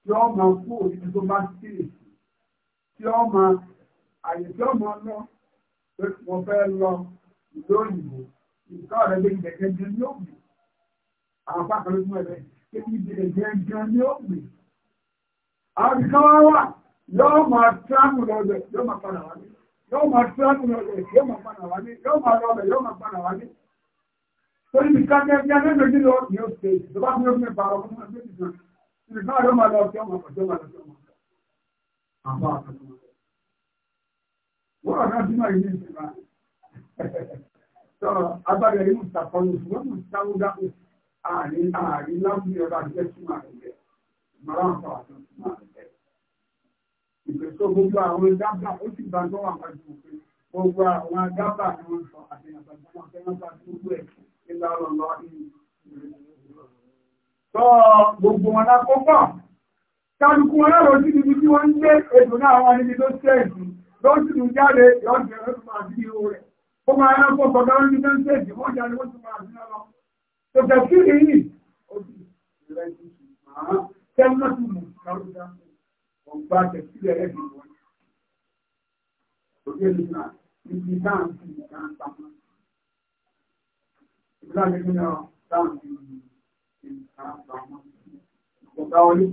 tí ó máa kú òní tó bá sí èsì tí ó máa àyè tí ó máa lọ pé mo fẹ́ lọ ìlú òyìnbó ìtọ́ rẹ̀ lè gẹ̀gẹ́ jẹ́ ní òbí àwọn apá kan ló tún ẹ̀rẹ́ pé kí gẹ̀gẹ́ jẹ́ ní òbí. àwọn kan wá wà yóò máa tíráàmù lọ́dẹ̀ yóò máa padà wá ní yóò máa tíráàmù lọ́dẹ̀ yóò máa padà wá ní yóò máa lọ́dẹ̀ yóò máa padà wá ní. torí mi ká jẹ́ jẹ́ lẹ́nu ìdílé ọ̀sìn yóò ṣe ìjọba fún mi bá ọkọ̀ fún mi nígbà yóò máa lọ sí ọmọ ọ̀sẹ̀ yóò máa lọ sí ọmọ àbá àtàkùn rẹ̀. Wọ́n rà náà bí máa ilé ìsinmi rà. Sọ̀rọ̀ agbára ẹ̀rí mùsàkọ́lù ṣùgbọ́n mùsàlùdà àárín àárín láwùjọ ọ̀dà jẹ́ túmọ̀ rẹ̀ jẹ́. Màrá àǹfà àtàkùn túmọ̀ rẹ̀ jẹ́. Ìgbésọ̀ gbogbo àwọn dábà ó sì gbà tó wà pàjù òfin. Gbogbo àwọn dábà ni wọ́n sọ àtẹ̀yìn àtàkùn wọn fẹ́ wọ́n bá gbogbo ẹ̀ nígbà lọ́lọ́ kálukú ọlọ́rọ̀ sí ibi tí wọ́n ń gbé ètò náà wà níbi tó sẹ́ẹ̀sì lọ́sìnú jáde lọ́sìnú ẹ̀rọ tó máa sí ihò rẹ̀ ó máa rán fún ọ̀gá wọn ní tó ń sẹ́ẹ̀sì wọ́n jáde wọ́n ti máa sí lọ́wọ́ tó fẹ́ sí ìyí ó sì rẹ̀ sí ṣùgbọ́n tẹ́lá tó mú kálukú ọgbà tẹ̀sílẹ̀ rẹ̀ bí wọ́n. òkè nìgbà ibi táwọn ti ń kàn pamọ́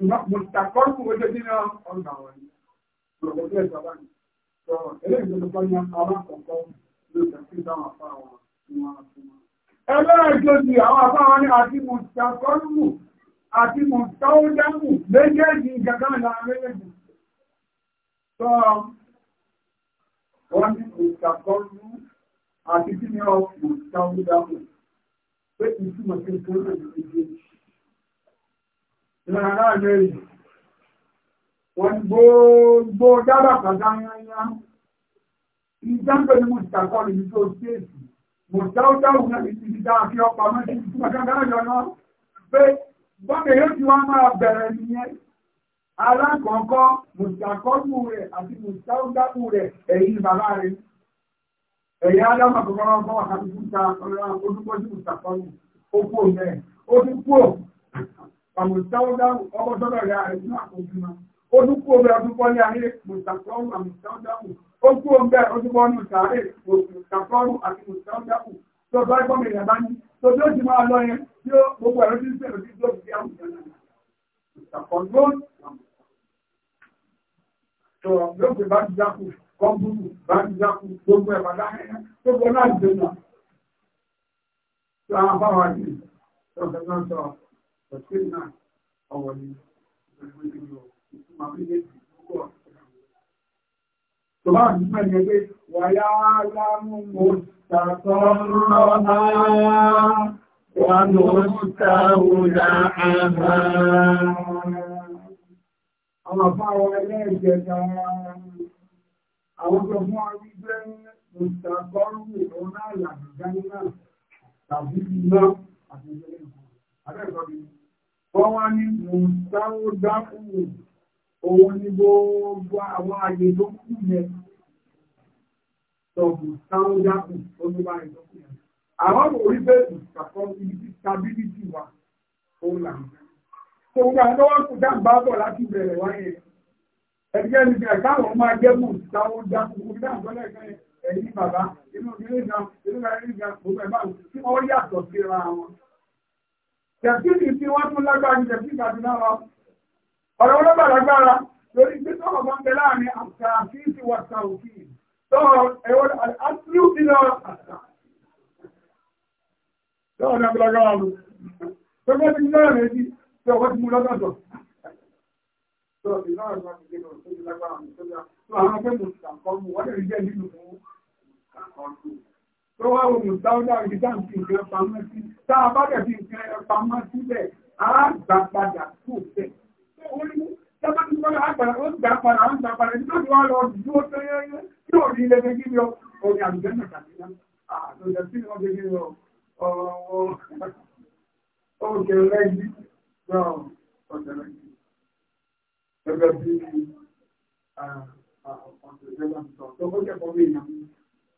mùtàkọ́rùn ojú nínú ọ̀nà àwọn ìgbàlódé ìjọba ni sọ eléyìí tó lọ́kọ́ ní alákọ̀ọ́kọ́ ló jẹ́ sí táwọn afá wọn tí wọ́n á fún wọn. ẹlẹ́ẹ̀kejì àwọn afá wọn ní àti mùtàkọ́rùn àti mùtàódámù méjèèjì gàgán ìlànà méjèèjì. sọ wọ́n ní mùtàkọ́rùn àti kí ni ọ mùtàódámù pé ìtumọ̀ kékeré ní méjèèjì lára rẹ̀ yìí wọ́n gbogbo dábà pàdá yányá ìjápẹ̀ ni mo ti tàkọ́ lè ní tó ṣéèsì mo dáúdáwù náà ní ti dá kí ọpa mẹ́sí tí wọ́n dáadáa yọ náà pé bọ́ọ̀dẹ̀ yóò ti wá máa bẹ̀rẹ̀ nìyẹn alákọ̀ọ́kọ́ mo ti tàkọ́lù rẹ̀ àti mo ti dáúdáwù rẹ̀ ẹ̀yìn bàbá rẹ̀ ẹ̀yà alámọ̀ kọ̀ọ̀kọ́ wọn kọ́ wà àmùsáwọ́dá ọkọ̀ sọ́dọ̀ rẹ̀ ààrẹ fún àkójúmọ́ ó dúkú omi ọdúnpọ́lé ayé mùsàkọ́rù àmùsáwọ́dáhù ó kú omi ọdúnpọ́lé sàárè mùsàkọ́rù àti mùsàkọ́rù tó bá gbọ́n mi yàrá ní tó tó ti máa lọ yẹn tí ó gbogbo ẹ̀rọ tí ń sèrò sí tó fi àwùjọ náà mùsàkọ́rù tó yóò fi bá ti dákù kọ́ńbùrù bá ti dákù gbogbo ẹ̀ bàdá yẹn tó gbọ́ náà dènà tó àwọn afáwọn àti ọ̀sẹ̀ náà sọ̀rọ̀ ọ̀sẹ̀ náà ọ̀wọ̀ ni gbogbo ìlú ìtumà méjèèjì púpọ̀ tó bá ní mẹ́rin ẹgbẹ́ wàyá lámú mo tàtọ́ rọ́nà wà ní oṣùta òdà àmà àwọn àfáwọn ẹlẹ́ẹ̀jẹta àwọn tó fún ọrí jẹ́ ìtàkọ́rù ìrọ̀nà àlàbìjá náà tàbí iná àti ìjẹ́ ìgbò wọ́n wá ní mùsáwódáfù òun ní gbogbo àwọn àyè tó kù yẹn sọ mùsáwódáfù tó ní báyìí tó kù yẹn àwọn orí bẹ́ẹ̀ ìṣàkọ́ ibi stability wa òun là ń bẹ́ tó ń gbà lọ́wọ́ kù dáàbà bọ̀ láti bẹ̀rẹ̀ wáyé ẹgbẹ́ mi bẹ̀rẹ̀ káwọn máa jẹ́ mùsáwódáfù òun dáàbà lẹ́ẹ̀kan yẹn ẹ̀yìn bàbá inú ilé ìjà inú ilé ìjà gbogbo ẹ̀ báwọn tí wọ́n yàtọ̀ síra wọn. Tẹ̀síìtì tí wọ́n tún lágbára tẹ̀síìtì àti náà ọ̀rọ̀ wọn lágbára lórí pé tọ́wọ̀ bá ń bẹ láàrin àṣà kí ti wà sàrùkì tọ́wọ̀ ẹ̀wọ́ àṣírí ìlọ àṣà. Tọ́wọ̀ náà lágbára lò. Tọ́wọ́ ti náà rẹ̀ sí tọ́wọ́ ti mú lọ́dọ̀dọ̀. Tọ́wọ́ ti náà rẹ̀ sí tọ́wọ́ ti lágbára lò. Tọ́wọ́ àwọn akẹ́kọ̀ọ́ tó wá wọ́n mọ̀ sáúdà ìdíjà ń fi nǹkan pamọ́ sí tá a bá dẹ̀ fi nǹkan ẹ̀ pamọ́ síbẹ̀ á gbà padà kú fẹ́. Sábà tí wọ́n á gbàdá ó gbà padà ó gbà padà nígbà tí wọ́n lọ dúró tó yẹ́yẹ́ tí ò ní ilé gẹ́gẹ́ bí omi àlùjẹ́ nàkà sí náà. Àtọ̀jẹ́ sí ni wọ́n gẹ́gẹ́ bí ọ̀ọ́kẹ́ rẹ́gí. Gẹ́gẹ́ bí ọ̀ọ́kẹ́ rẹ́gí.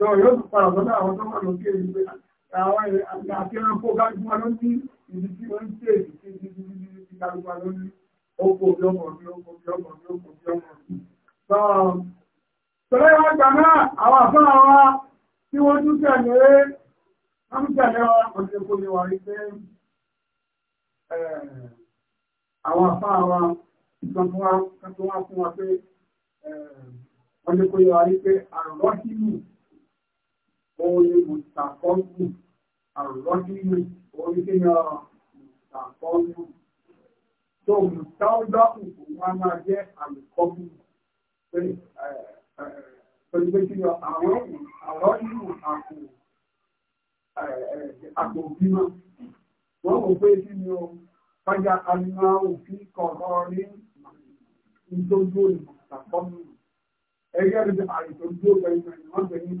yóò yóò tún padà sọ́dọ̀ àwọn tó wà lókè yìí pé àwọn àti ẹranko kájúmọ́ ló ní ìdí tí wọ́n ń tẹ̀ sí ti ti ti ti kájúmọ́ ló ní oko bí ọmọ bí oko bí ọmọ bí oko bí ọmọ bí. Sọ̀rọ̀ ìwọ̀n ìgbà náà àwọn àfáà wa tí wọ́n tún tẹ̀lé wọ́n tún tẹ̀lé wa ṣe kó lè wà rí pé àwọn àfáà wa ìgbà fún wa kátó wá fún wa pé wọ́n lè kó lè wà rí pé àrùn lọ́sí mù òun ni mùsàkọ́ńtù àrùrọ́dínú òun ni kéèyàn mùsàkọ́ńtù tó mùsàkọ́ńtù òun á máa jẹ́ àlùkọ́ńtù pẹ̀lú pé kéèyàn àrọ́dínú àpò àpò bímọ wọ́n kò pé kí ni o fájà àlùmọ́ òfin kọ̀ọ̀kan rí nítorí olùmọ̀sàkọ́ńtù ẹgbẹ́ rẹ̀ àìsàn tó gbẹ̀yìn wọ́n gbẹ̀yìn.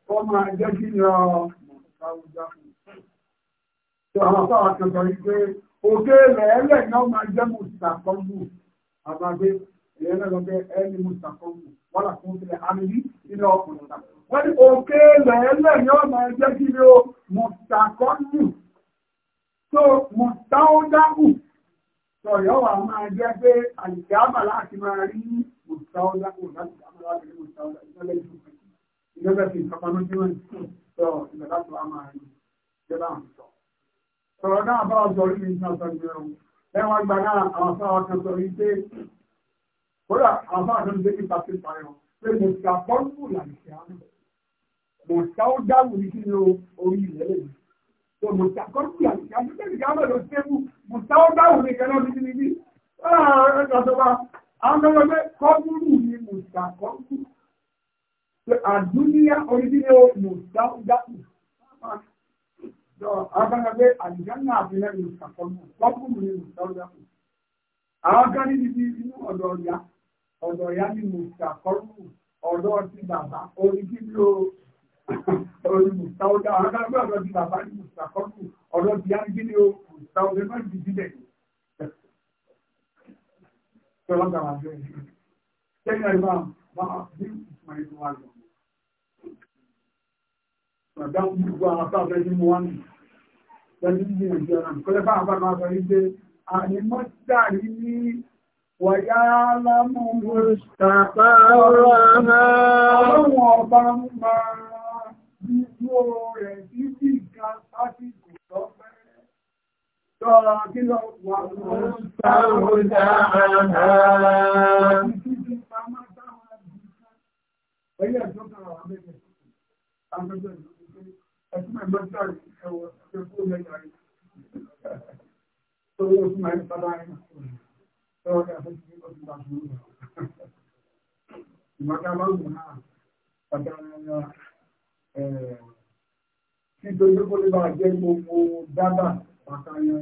ó máa jẹ́ kí ni ọ tó àwọn fáwọn akẹ́kọ̀ọ́ yìí pé òkè lẹ́ẹ̀lẹ̀ náà máa jẹ́ mùsàkọ́mù àbábé ìyẹn lọ bẹ ẹni mùsàkọ́mù wọ́n là fún tilẹ̀ àmì nínú ọkùnrin náà wọ́n ní òkè lẹ́ẹ̀lẹ̀ náà máa jẹ́ kí ni ó mùsàkọ́mù tó mùsàódáhù tó yọ wà máa jẹ́ pé àlìkàmà láti máa rí mùsàódáhù láti máa rí mùsàódáhù ìjọba ti nǹkan pamọ́ sí wọn sọ ìjọba tó a máa rìn ìjọba àwọn sọ. sọ̀rọ̀ náà bá ọ̀sọ̀ orí mi ní ọ̀sọ̀ ìgbẹ̀rún lẹ́wọ̀n gba náà àwọn afáwọn kan sọ yìí pé kódà àwọn afáwọn kan gbé nípa sí payọ pé mo ta bọ́ọ̀lù làǹtí àná mo ta ó dáwù ní kí ni orí ilẹ̀ lè mi tó mo ta bọ́ọ̀lù làǹtí àná pé ìgbà mọ̀ ló ṣẹ́wù mo ta ó dáwù ní kẹ́lọ́ ní kí ni bí. Ah, àwọn ọ̀rẹ́ kan sọ wa àwọn kan àdúnyá orílẹ̀ mùsáúdáù agbáragbé àdìjánà àfihàn ìmùsàkọ́mù pọ́pùlù ní mùsáúdáù àwọn kan níbi bí inú ọ̀dọ̀ ọ̀yá ọ̀dọ̀ ọ̀yá ní mùsàkọ́mù ọ̀dọ̀ ti bàbá orí kí ló orí mùsáúdáù àwọn kan gbé ọ̀dọ̀ ti bàbá ní mùsàkọ́mù ọ̀dọ̀ ti yáńgí ní mùsáúdáù má ti sílẹ̀ Tọ́lá gbàgbé. Tẹ́lẹ̀ náà bí Ismail wà lọ pàdánù gbogbo àwọn afáfẹ́ ní mo wá nì pẹ̀lú ní ìjọ náà kọ́lẹ́ fáwọn afáfẹ́ máa sọ wípé àní mọ́tàrí ní wàyá lámú mọ́tàpá ọ̀rọ̀ àwọn ọba máa dúró rẹ̀ títí kan lásìkò tọ́pẹ́ tọ́ra kí lọ wà lọ́wọ́ ẹ̀sùn mẹ́rin lọ́jọ́ àrùn ẹ̀wọ̀ ẹ̀kọ́ lẹ́yìn àrùn tó yóò fún mẹ́rin bàbá rẹ̀ tó ọ̀dà fún ti kọ́ sí bàbá rẹ̀ ìmọ̀ká máa ń wù náà bàbá rẹ̀ kí tó yóò kó lè bá jẹ́ gbogbo dábà bàbá rẹ̀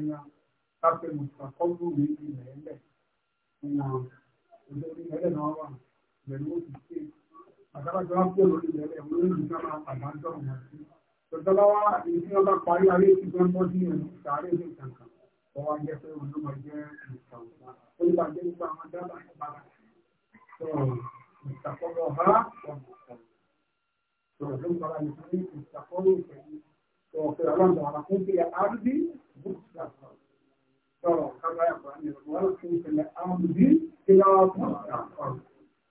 káfẹ́ mùsàkọ́gbù mi ìlẹ̀ ẹ̀lẹ̀ fún wọn nítorí ẹ̀lẹ̀ náà wà pẹ̀lú òṣìṣẹ́ àtàkàjọ́ á tọ́tọ́láwá àti tí wọ́n bá parí ayé tí wọ́n bọ́ sí ẹ̀rọ sàárè ní ìtàkàn wọ́n wá jẹ́ pé wọn náà jẹ́ ìtàkùnà ó ní bàjẹ́ nípa àwọn dábàá ní bàbá tó ìtàkọ́lọ̀ ha ọ̀nà tó ń bára ní fún ìtàkọ́lọ̀ ìfẹ̀yìn tó ọ̀fẹ́ aláǹdà ara fún pé àrùbí bùkúta sọ̀rọ̀ kábàáyà pàmì ọ̀rọ̀ wọn fún ìfẹ̀lẹ̀ àrùbí tí wọ́n bùkúta sọ̀rọ̀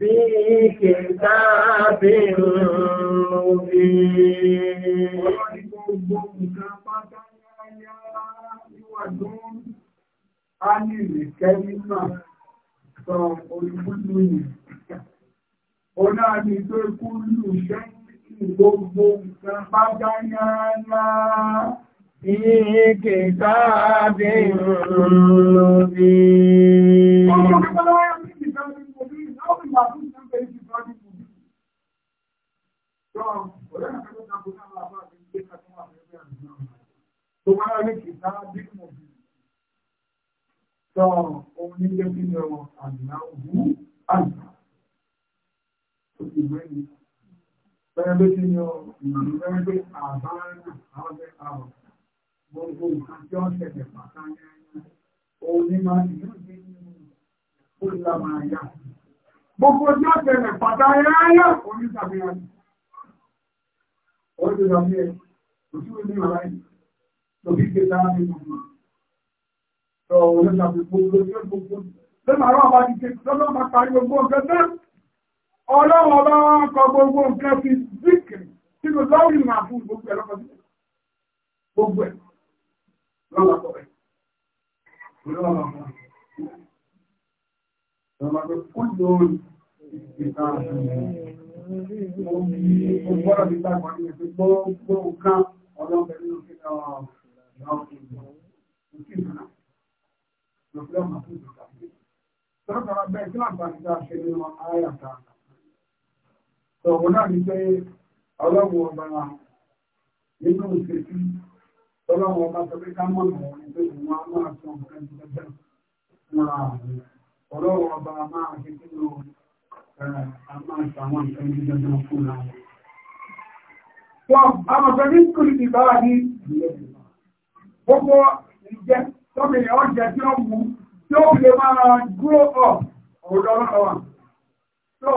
في كتاب مبين Ani ìrìkẹ́límà sọ olùkúlù yìí. Ó náà ni tó kúlù ṣẹ́ gbogbo nǹkan bá dá yára Ìkẹta bí ìrùn lóbi. Ọmọ tó wá rí kìtà bímọ bí tọ onílé bílẹ̀ wọn àná òwú àná tó ti wé ní bẹ́ẹ̀ ló ti yọ ìrìnlẹ́ pé àbá náà àwọn ẹ̀ àwọn gbogbo nǹkan tí wọ́n ṣẹlẹ̀ pàtàkì òun ní máa ìlú ìdí nínú ó lámàá yá sí. Gbogbo tí ó tẹ̀lẹ̀ pàtà ẹ̀ráyà oníṣàfihàn. Ọjọ́ ìrọ̀mí ẹ̀, òṣìṣẹ́ ní ọ̀rá ìlú, lóbi gbé dára ní gbogbo. Sọ oníṣàfihàn gbogbo tí ó gbogbo. Lẹ́mà rọ́ ọba ti kéèkì lọ́nà ọba parí gbogbo ọ̀gẹ́ tẹ́. Ọlọ́run ọba wọn kọ gbogbo nǹkan fi zíkìrì ẹ̀ lọ́kọ̀ sílẹ̀. Gbogbo ẹ̀ lọ́lọ́kọ̀ ẹ̀. Tọ́rọ̀tọ̀rọ̀ bẹ́ẹ̀ tí láti bá ti dá ṣe nínú ayàta. Tọ̀wọ̀ náà ní pé ọlọ́wọ̀ ọba nínú òṣèlú tọ́lọ́wọ̀ ọba tọ́lẹ́ká mọ̀nà ẹgbẹ́ ìwọ̀n máa sọ nǹkan jẹ́ múra àwọn ọlọ́wọ́ ọba máa fi nínú àmáṣàwọn nǹkan ní dandan fún ra wọn. Wọ́n àwọn ọ̀fẹ́ ní kùrì ti bá ní gbogbo ìjẹ́ tọ́mìnì ọjẹ́ tí ó mú tí ó lè máa grow up ọ̀rọ̀ ọ̀wà. Tó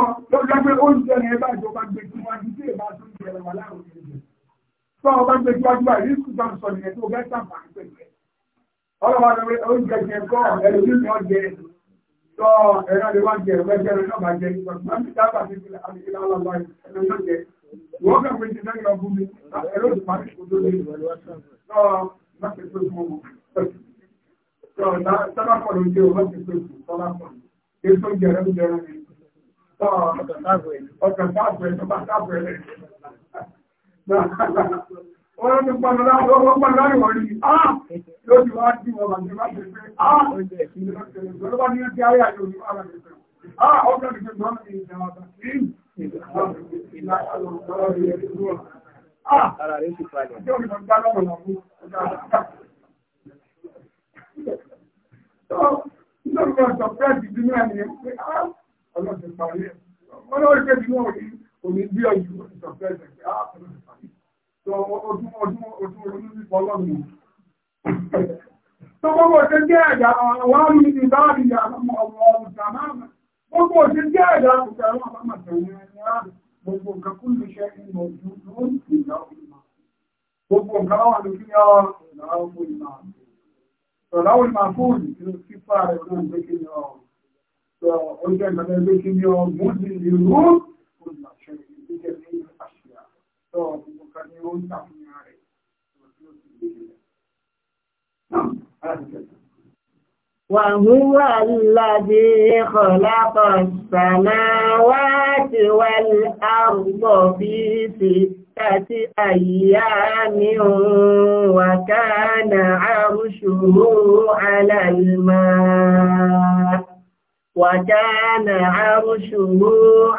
jẹ́ pé oúnjẹ ní ẹgbẹ́ ìjọba gbé tí wọ́n ti dé ìbá tó ń jẹ wà láàrin ìjẹ. Tó àwọn bá gbé tí wọ́n gbà yìí kúta sọ nìyẹn tó bẹ́ sàǹfààní pẹ̀lú tó ẹ̀rọ lè wá jẹ ẹ̀rọ jẹ́rọ náà bá jẹ ìgbàgbọ́n ti dábà sí ìpínlẹ̀ àbíkílá ọlọ́lọ́ ẹ̀rọ náà jẹ wọ́n kàn pé jìnnà yọ bú mi ẹ̀rọ ti parí kò tó lé tó má ti pé fún ọmọ tó sábà pọ̀ lóde o má ti pé fún tọ́lá pọ̀ èso jẹrẹ bá sáàbù Ọ̀rọ̀ ti pàdé láàrín ọgbọ́n pàdé láàrín wọ̀n rí, ah, yóò ti wá jí wọn bàjẹ́ bá ṣe pé, ah, ìjọba ní ọjọ́ ayé àjò ní ara rẹ̀ pẹ̀lú. Ah, ọjọ́ ìgbẹ̀gbọ́n ní ìjọba sí ìlà àlọ́ ìrẹ̀ ìrọ̀. Ah, ara rẹ̀ sì pàdé. Ọjọ́ ìgbẹ̀gbọ́n lọ́wọ́ lọ́wọ́. Ìjọba ìjọba fẹ́ ìdí ní ẹni pé, ah, ọlọ́sẹ̀ pàdé. Wọ́n lọ́wọ́ ìkẹ́ Gbogbo ṣe jẹ́ ẹ̀dà àwọn àmì ìbáàrí àwọn ọmọ ọ̀sán náà. Gbogbo ṣe jẹ́ ẹ̀dà àkùkẹ́ àwọn àmàtẹ̀ ní ẹ̀rọ gbogbo nǹkan kú lè ṣe ìmọ̀ ojú ló ń sì lọ ìmọ̀. Gbogbo nǹkan wà ní kí ọ ìlàwó ìmọ̀. Ìlàwó ìmọ̀ ìlú fífà rẹ̀ ló ń gbé kí Sọ ó jẹ́ ìgbàlẹ̀ gbé kí mú ní ìlú ó ń lọ ní àṣìyà. Sọ ó ń ṣàfihàn rẹ̀ tí ó ti lè rẹ̀. وهو الذي خلق السماوات والأرض في ستة أيام وكان عرشه على الماء وكان عرشه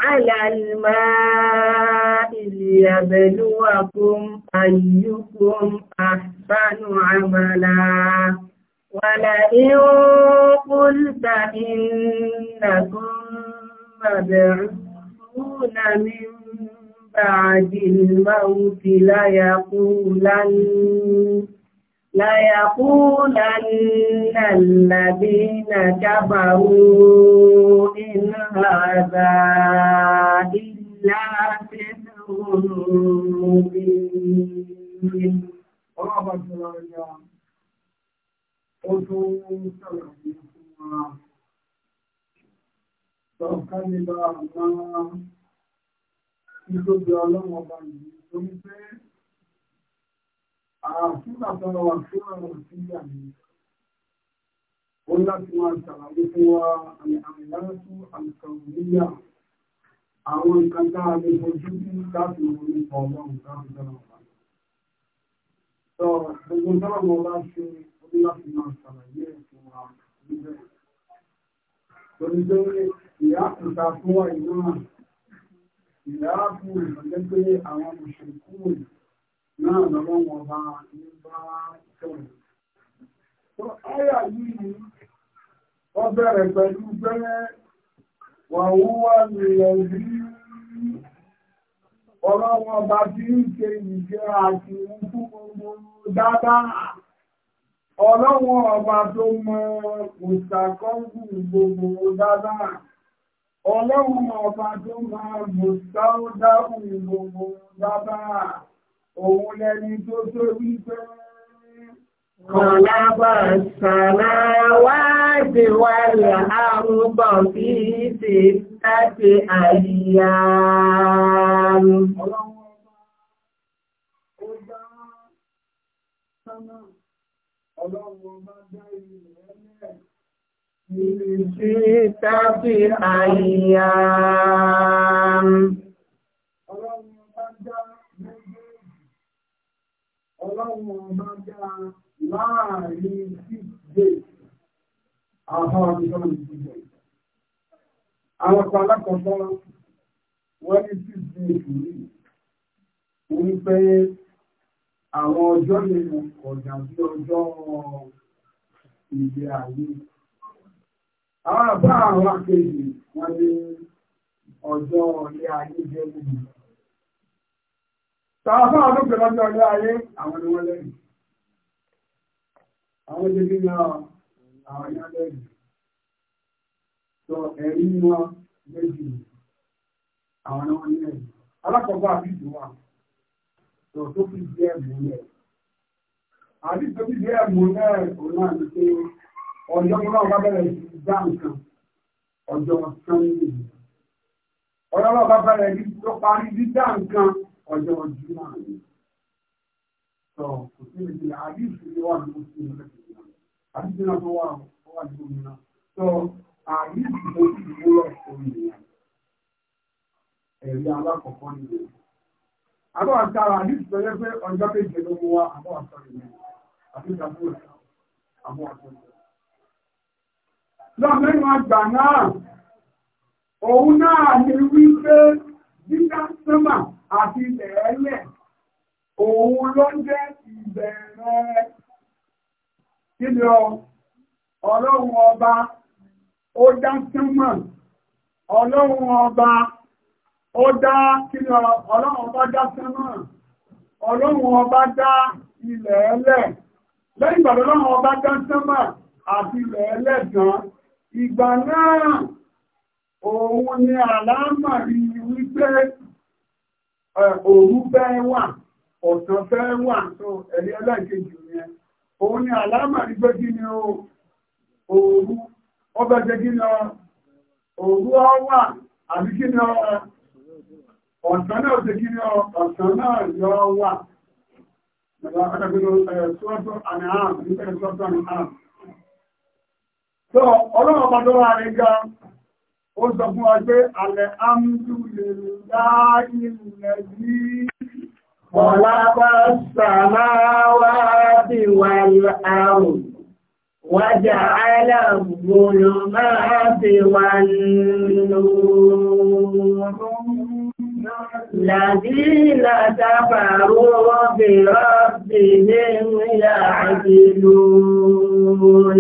على الماء ليبلوكم أيكم أحسن عملا ولئن قلت إنكم مبعوثون من بعد الموت ليقولن ليقولن الذين كفروا إن هذا إلا سحر مبين Sọ̀kan nígbà àwọn ìgbògbè ọlọ́wọ́ bá yìí àfúnà tọrọ wà fún àwọn àfúnà mi ó láti máa ṣàlàyé fún wa àmì àmì láti àlùkàwùníyà àwọn nǹkan tá a lè fojú sí láti mọ nípa ọlọ́run láti dára wà. sọ gbogbo tọ́lọ́mọ bá ṣe ó ní láti máa ṣàlàyé ẹ̀sìn wa níbẹ̀. torí pé ìyá àkùnta tó wà yìí náà ìyá àkùnrin lọ́jọ́ pé àwọn mùsùlùmí náà lọ́wọ́ wọn bá ní bá sọ̀rọ̀. Tó áyà yìí wọ́n bẹ̀rẹ̀ pẹ̀lú bẹ́rẹ̀ wàhúwà nìyẹn rí ọlọ́wọ́n bá ti ń ṣe ìṣẹ́ àti ikú gbogbo dáadáa. Ọlọ́wọ́n ọba tó mọ òṣàkọ́kù gbogbo dáadáa. Ọlọ́wọ́n ọba tó mọ òṣàkọ́kù gbogbo dáadáa òun lẹni tó tó wípé Kọ̀lábà sànà wáàdì wáyà àrùbọ̀ bí i ti láti àyíyá. Ọlọ́run ọba ọlọ́run ọba dá ilẹ̀ ẹlẹ́ ìrìnsí tábí àyíyá. ọlọ́run ọba dá láàrin six days àwọn àbíkọ́nà ìdíje. Àwọn ọkọ̀ alákọ̀ọ́kọ́ wọ́n ní six days yìí ń pẹ́ àwọn ọjọ́ nínú ọ̀dà bí ọjọ́ ìgbé ayé. Àwọn àbá àwọn akéde wọ́n ní ọjọ́ ilé ayé jẹ́ gbogbo. Tàwọn fún àwọn tó pè lọ́jọ́ ọjọ́ ayé, àwọn ni wọ́n lẹ́yìn. Àwọn ti bí náà, àwọn ni wọ́n lẹ́yìn. Sọ ẹ̀rí wọn méjì, àwọn ni wọ́n lẹ́yìn. Alákọ̀ọ́bọ̀ àbíjù wà, sọ tó fi jẹ́ múlẹ̀. Àbí tó fi jẹ́ múlẹ̀ òun náà ni pé ọjọ́ náà bá bẹ̀rẹ̀ sí dá nǹkan, ọjọ́ Sunday. Ọjọ́ náà bá bẹ̀rẹ̀ sí tó parí dídá nǹkan ọjọ́ Jímọ̀ ni. Sọ kò sí ibi àdìsí ni wà ní Mùsùlùmí lẹ́kẹ̀ẹ́ náà. Àdìsí náà tó wà ó wà ní Mùsùlùmí náà. Sọ àdìsí tó ti wúlọ̀ omi nìyẹn. Ẹ̀rí alákọ̀ọ́kọ́ nìyẹn. Àbọ̀ àtàrà àdìsí tó yẹ pé ọjọ́ méje ló mú wa àbọ̀ àtàrà ìyẹn. Àti ìdàbọ̀ àbọ̀ àtàrà ìyẹn. Lọ́mọ ìwọ̀n àgbà náà, òun náà ni wípé dídá sẹ́mà àti ilẹ̀ẹ́lẹ̀ òun ló ń jẹ́ ìbẹ̀rẹ̀ kílọ̀ ọlọ́run ọba ó dá túmọ̀ ọlọ́run ọba ó dá kílọ̀ ọlọ́run ọba dá túmọ̀ ọlọ́run ọba dá ilẹ̀ẹ́lẹ̀ lẹ́yìn ìgbà ọlọ́run ọba dá túmọ̀ àti ilẹ̀ẹ́lẹ̀ gan ìgbà náà òun ni àlámà rí wípé òru fẹ́ wà ọ̀sán bẹ́ẹ̀ wà tó ẹ̀rí ẹlẹ́ẹ̀kejì yẹn òun ni àlámà ní pé kí ni òru ọbẹ̀ ọ, kí ni òru ọwà àbí kí ni ọ̀sán náà ṣe kí ni ọ̀sán náà yọ wà So, tó wà ní gan ó sọ fún wa pé alẹ́ amúlù lè láàyè nàbí wàlábà sàmáwá bí wà láàrùn wájà aláàbòrò máa bí wà lóòrùn الذين كفروا بربهم يعدلون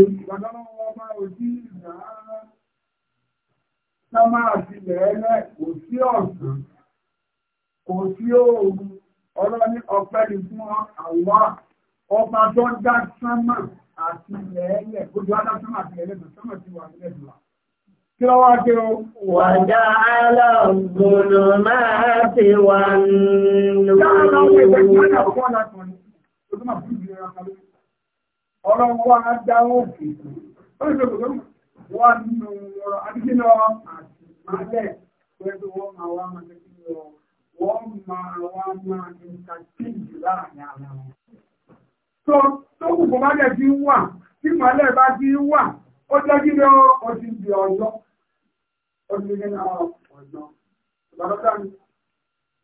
sánmà àti lẹ́ẹ̀lẹ́ kò sí ọ̀sán kò sí òòrùn ọ̀rọ̀ ọpẹ́ ni fún àwa ọba tó dá sánmà àti lẹ́ẹ̀lẹ́ kó jọ adá sánmà àti lẹ́ẹ̀lẹ́ tó sánmà ti wà nílẹ̀ jùlọ. Kí ló wá dé o? Wàdá aláàbòrò máa ti wà nínú. Dáadáa wọ́n dá òkè wọ́n nínú ọ̀rọ̀ adíjínà àtìmálẹ̀ pẹ̀lú wọ́n máa wá máa tẹ́kí lọ wọ́n máa wá máa nǹkan tí ìjì láàrin ara wọn. tó tó kù kò má lẹ̀ fi ń wà tí màálẹ̀ bá fi ń wà ó jẹ́ kí lọ ọtí di ọjọ́ ọtí di ọjọ́ ìbálòpọ̀ mi.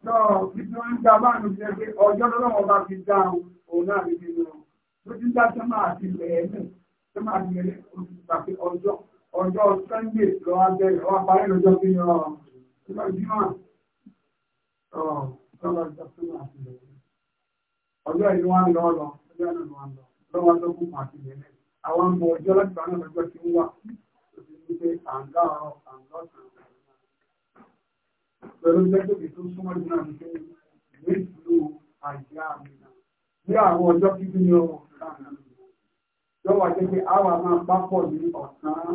náà bí wọ́n ń gba báàmù jẹ́ pé ọjọ́ lọ́wọ́ bá fi dáhùn òun náà lè fi lọ. lójú dá sọ́mà àti ilẹ̀ ẹ̀mí sọ́mà àti ilẹ̀ ọjọ́ ọjọ́ sunday lọ abẹ́rẹ́ wọ́n parí lọ́jọ́ bí yọ ọjọ́ ọjọ́ ìlú wa ń lọ lọ ọjọ́ ìlú wa ń lọ lọ́wọ́ tó kún àti ìrẹ̀lẹ̀ àwọn ọmọ ọjọ́ láti bá náà lọ́jọ́ tí ń wà tó ti ní pé àǹgá ọ̀rọ̀ àǹgá ọ̀sán pẹ̀lú lẹ́gbẹ̀ẹ́ tó súnmọ́ ìlú náà ní pé ìwé ìlú àìjá àmì náà ní àwọn ọjọ́ kíkí ní ọmọ ìlú náà lọ́wọ́ àti pé àwa máa pápọ̀ ní ọ̀sán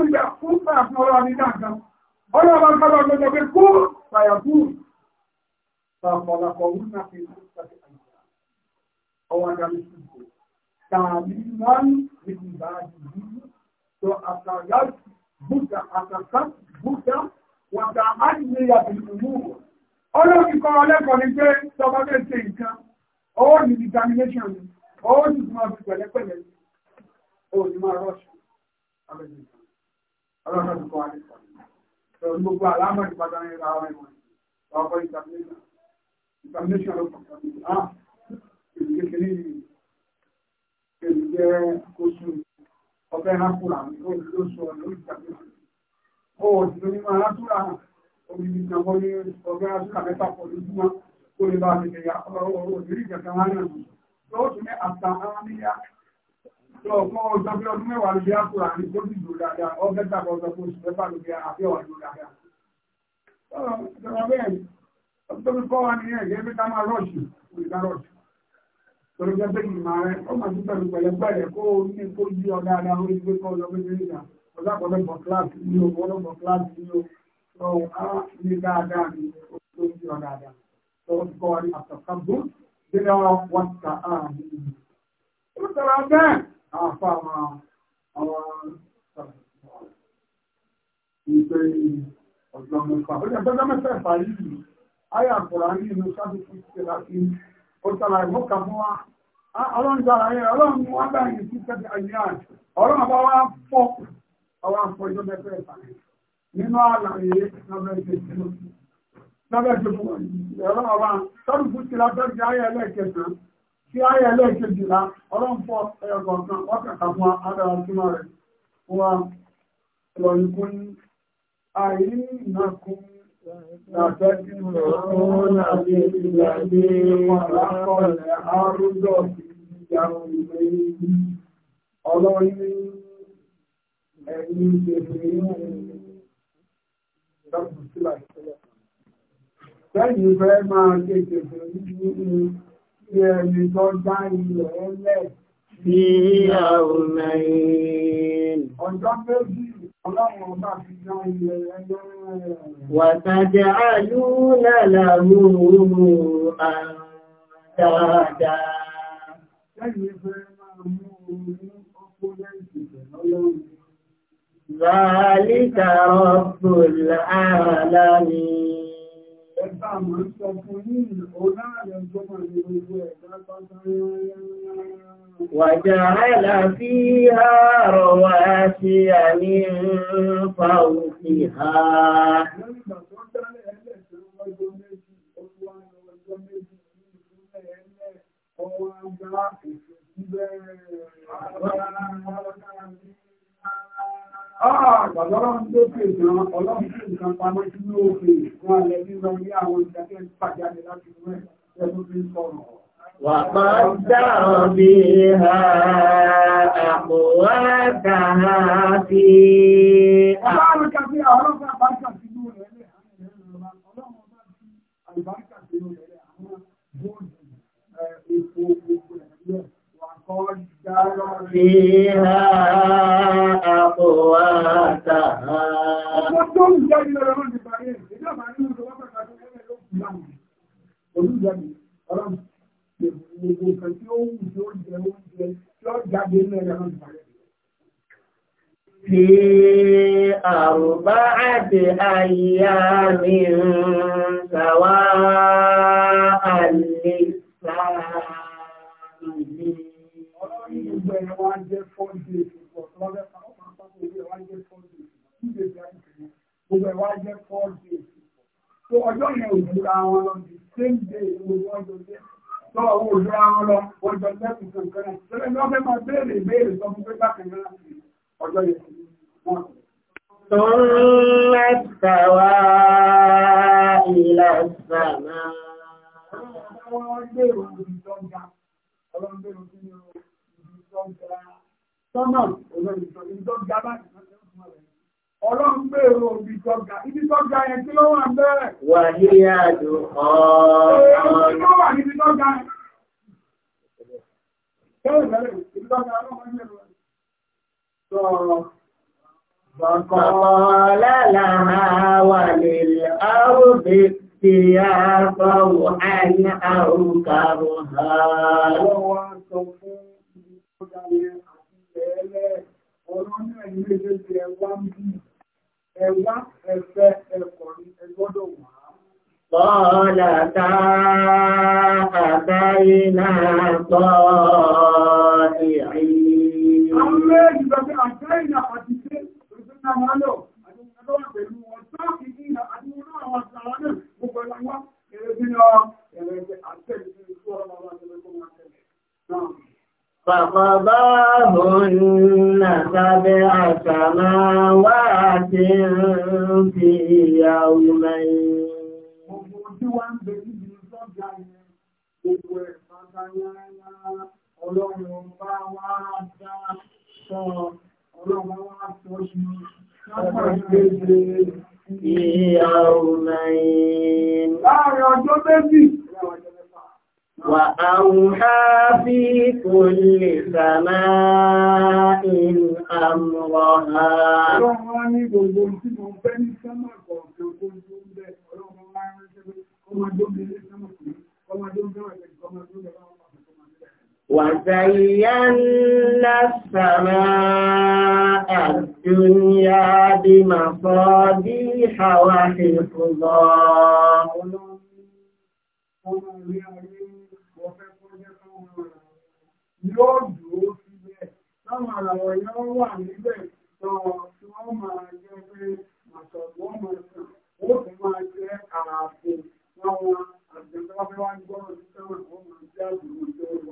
nígbà fún fàáfún ọlọ́wà ní dáadáa ọlọ́wà ń kọ́lọ́ lọ́jọ́ pé kó fàyàkú fàfọ̀lọpọ̀ wúnà fi pàtàkì àìsà ọwọ́ adámi sí ìgbò tààbí wọ́n ní ìgbà àdìyí tó àtàgá búta àtàgá búta wàtà àdìyà ìlú ọlọ́wà kọ́ ọlẹ́kọ̀ọ́ ni pé tọ́ba fẹ́ ṣe nǹkan ọwọ́ ní determination ọwọ́ ní ìgbìmọ̀ pẹ̀lẹ́pẹ̀lẹ́ òní máa rọ́ọ̀ṣù abẹ́lẹ́ nǹkan ọlọ́run ti kọ́ wa nípa ìlú gbogbo àlámọ̀ ìpadà ń ra ara ìwọ̀n ọkọ̀ ìtàmínà ìtàmínà ló pọ̀ sí ah ìlú kékeré yìí èyí jẹ́ oṣù ọbẹ̀ rákùrà ní olùdóṣù ọ̀nà ìtàmínà ó ti lórí máa rákùrà omi ní ìjàmbá ní ọbẹ̀ rákùrà mẹ́ta pọ̀ lójúmọ́ kó lè bá a ti tẹ̀yà ọ̀rọ̀ òní ìjàmbá náà lọ́wọ́ tún ọ̀pọ̀ ọjọ́ bí ọdún mẹ́wàá ló bí ápùrà ní tó ti dùn dáadáa ọgẹ́ta ọjọ́ fún oṣù mẹ́fà ló bí àfẹ́ wà dùn dáadáa. ọ̀rọ̀ bẹ́ẹ̀ ọdún tó fi kọ́ wa nìyẹn ìyẹn bí ká máa rọ́ọ̀ṣì ìta rọ́ọ̀ṣì. torí pé bẹ́ẹ̀ ìmọ̀ rẹ ó máa tún pẹ̀lú pẹ̀lẹ́pẹ̀lẹ́ kó o ní kó yí ọ dáadáa ó ní pé kọ́ ọjọ́ méjì níta ọ̀sápọ̀lọpọ̀ kíláàsì ní o ọlọ́pọ̀ kíláàsì ní àfà àwọn ìpè ọ̀dọ́ mẹ́fà. Ó jẹ́ ọ̀dọ́ mẹ́fà ẹ̀fà yìí, ayà àkùrà ní inú sábì fún ṣe láti ó tàbí àìmọ́kà fún wa. Ọlọ́run dára yẹn, ọlọ́run mú wá báyìí sí sẹ́bí ayé àti ọlọ́run bá wá fọ́ ọwọ́ àfọ ìjọ mẹ́fà ẹ̀fà nínú àlàyé lábẹ́ẹ̀ṣẹ̀ fún ọlọ́run bá sọ́dún fún ṣe láti tí a yẹ lẹ́ẹ̀kejìlá ọlọ́pọ̀ ẹ̀kọ̀ọ̀kan wákàtà fún adára túnmọ̀ rẹ̀ wà lọ́yìnkún àìrìnàkún Ìgbàgbẹ́ tí ó rọrùn láti ìgbàgbé wọn lápọ̀lẹ̀ àrúdọ̀ sí ìyàwó ẹ̀yìn sí ẹni tó dá ilẹ̀ ẹlẹ́ sí àwòmẹ́yìn. Ọjọ́ méjì ọlọ́run ọba fi dá ilẹ̀ ẹlẹ́. Wàtàjà àlúlà làwòrò àdáadá. Lẹ́yìn fẹ́ máa mú orí ọkọ̀ lẹ́yìn ìgbẹ̀lọ́lọ́run. Zàlíkà rọ̀bùl àlámín ẹ̀fà mọ̀ ń sọ fún yìí oláàrẹ̀ tó mọ̀ ní gbogbo ẹ̀dá pátá وجعل فيها رواسي من فوقها Ọwọ́ àgbà ìṣòsíbẹ̀rẹ̀ àwọn ará Àgbàdọ́rọ̀ ń lókè ìgbọ̀n ọlọ́run tí nǹkan pamọ́ sí lóòkè fún alẹ́ nílọ ní àwọn ìdájẹ́ pàjáde láti rẹ̀ ẹ̀rù fi sọ̀rọ̀. Wà bá dáhùn bí ha àpòwádà sí. Ọlọ́run kàbí àwọn ọlọ́run àbájá sí inú rẹ̀ lẹ̀ ọlọ́run bá sí Fíhá àpòwátà. Ọmọ tó ń jẹ́ ilẹ̀ ọlọ́run ti parí ẹ̀. Ìjọba ní ìjọba pàtàkì ẹgbẹ̀rẹ̀ ló fi láwọn. Olújẹ́ mi, ọlọ́run, gbogbo nǹkan tí ó wù tí ó jẹ oúnjẹ lọ jáde ní ẹ̀rọ ọlọ́run ti parí ẹ̀. Fi àrùbá àti àyà mi ń sàwá àlè sáà ìlú kí gbogbo ẹ̀ wá jẹ́ four days ọ̀pọ̀ lọ́dẹ̀ta ọ̀pọ̀ àpapọ̀ gbogbo ẹ̀ wá jẹ́ four days two days láti tẹ̀lé gbogbo ẹ̀ wá jẹ́ four days so ọjọ́ yẹn ò dúra wọn lọ the same day ló wọ́n jẹ́ tó owó ò dúra wọn lọ wọ́n jẹ́ tuntun kan náà tẹ́lẹ̀ ní wọ́n fẹ́ máa béèrè ìbéèrè sọ fún pé bákan náà ọjọ́ yẹn wọ́n. ثم استوى إلى السماء tọ́nà ìjọba báyìí ọlọ́run pé èrò òbí tọ́gá yẹn tí ló wà wà ní àjò ọ̀rọ̀ tó wà níbi tọ́gá yẹn tẹ́lẹ̀ bẹ̀rẹ̀ ibi tọ́gá ọlọ́run mẹ́rin sọ̀rọ̀ Bọ̀kọ̀ọ́lá làá wà lè áwòdé tí a fọ́wọ́ àìyàn àrùkàrù ha. Ọlọ́run wá sọ fún dáre àti ẹ̀ẹ́lẹ́ ọ̀rọ̀ náà Bọ́ọ̀lá tá àbáyé tọ́ ìrìn. Àwọn méjì sọ àjẹ́ ìlà àti ṣé òṣèlú náà lọ. فقضاهن سبع سماوات في يومين السماء الدنيا بمصابيح وحفظا Yóò dúró síbẹ̀, táwọn àlàwọ̀ yóò wà níbẹ̀ sọ tí wọ́n máa jẹ́ pé àtọ̀gbọ́ máa sàn, ó sì máa jẹ́ ààfin láwọn àjẹ́gbọ́n fẹ́ wá gbọ́rọ̀ sí sẹ́wọ̀n, ó máa jẹ́ àbúrò tó wà.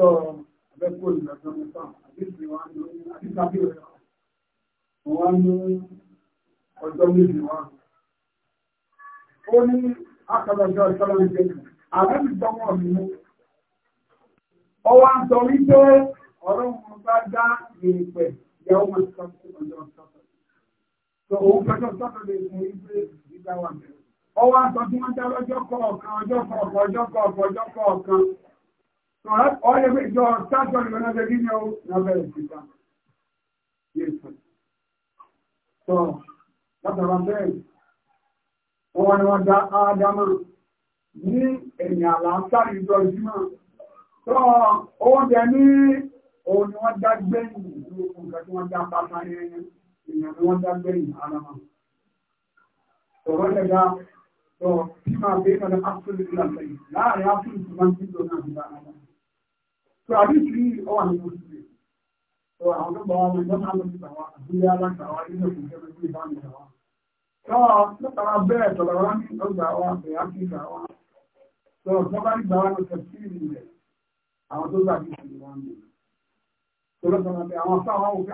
sọ abẹ́kò ìrìnàjò mẹ́fà àdéhùn wa ní àdíkàbí rẹ̀ wọ́n wá ní ọjọ́ méjì wá. ó ní akọ̀dọ̀jọ́ ìṣọ́lá ní pé àbẹ́bí tọmọ mi mú. ọwọ́ ń sọ wípé ọ̀rọ̀ wọn bá dá ìrìnpẹ̀ ìyàwó máa sọ sí ọjọ́ sọ́tọ̀. sọ òun fẹjọ́ sọ́tọ̀ lè fún wípé ìgbà wà mẹ́rin. ọwọ́ ń sọ tí wọ́n dá lọ́jọ́ kọ̀ọ̀kan ọjọ́ kọ̀ọ̀kan ọjọ́ kọ̀ọ̀kan ọjọ́ kọ̀ọ̀kan Ọ̀rẹ́ pé ìjọ ṣáàtọ̀ ìwọ̀n náà tẹ́lẹ̀ ní ọ̀rọ̀ náà bẹ̀rẹ̀ sí ká. Sọ, látara bẹ́ẹ̀, wọ́n wá ní wọ́n dá Ádámà ní ẹ̀yìn àlàáfíà ìjọ ìjímọ̀. Sọ, oúnjẹ ní òun ni wọ́n dá gbẹ̀yìn ìlú ogun kan tí wọ́n dá pátá yẹn, èèyàn ni wọ́n dá gbẹ̀yìn Ádámà. Sọ̀rọ̀ lẹ́dá sọ, kí máa bẹ́ẹ̀ náà lọ́ So àdìsí ọwà ní oṣù rẹ̀. So àwọn tó bọ̀ wọn ní ìjọba ló ti tàwa àbúlé alágbàwá nínú òkú jẹ́ pé So nípa bẹ́ẹ̀ tọ̀lọ̀ wọn ní ọgbà wa pé So ìjọba ní gbà wa Àwọn tó ni. So lọ́sọ̀rọ̀ pé àwọn fáwọn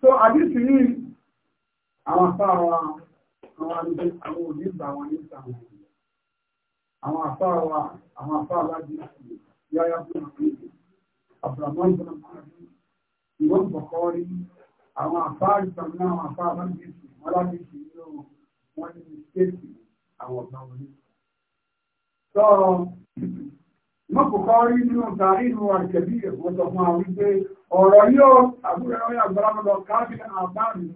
So àdìsí yìí àwọn fáwọn àwọn àdìsí àwọn òní gbà wọn ní ìtàn wọn àwọn àfáà wa àwọn àfáà láti yáyá fún àpèjì abdulhamid bin abdulhamid ìwọ́n bọ̀kọ́rí àwọn àfáà ìtàn náà àwọn àfáà láti ṣe wọ́n láti ṣe ilé wọn wọ́n ní mistake àwọn ọ̀gá wọlé. sọ ìmọ̀ bọ̀kọ́rí nínú tàrí ìlú àjẹbí wọ́n sọ fún àwọn wípé ọ̀rọ̀ yóò àbúrò ẹ̀rọ yà gbọ́dọ̀ lọ káàkiri àbá mi.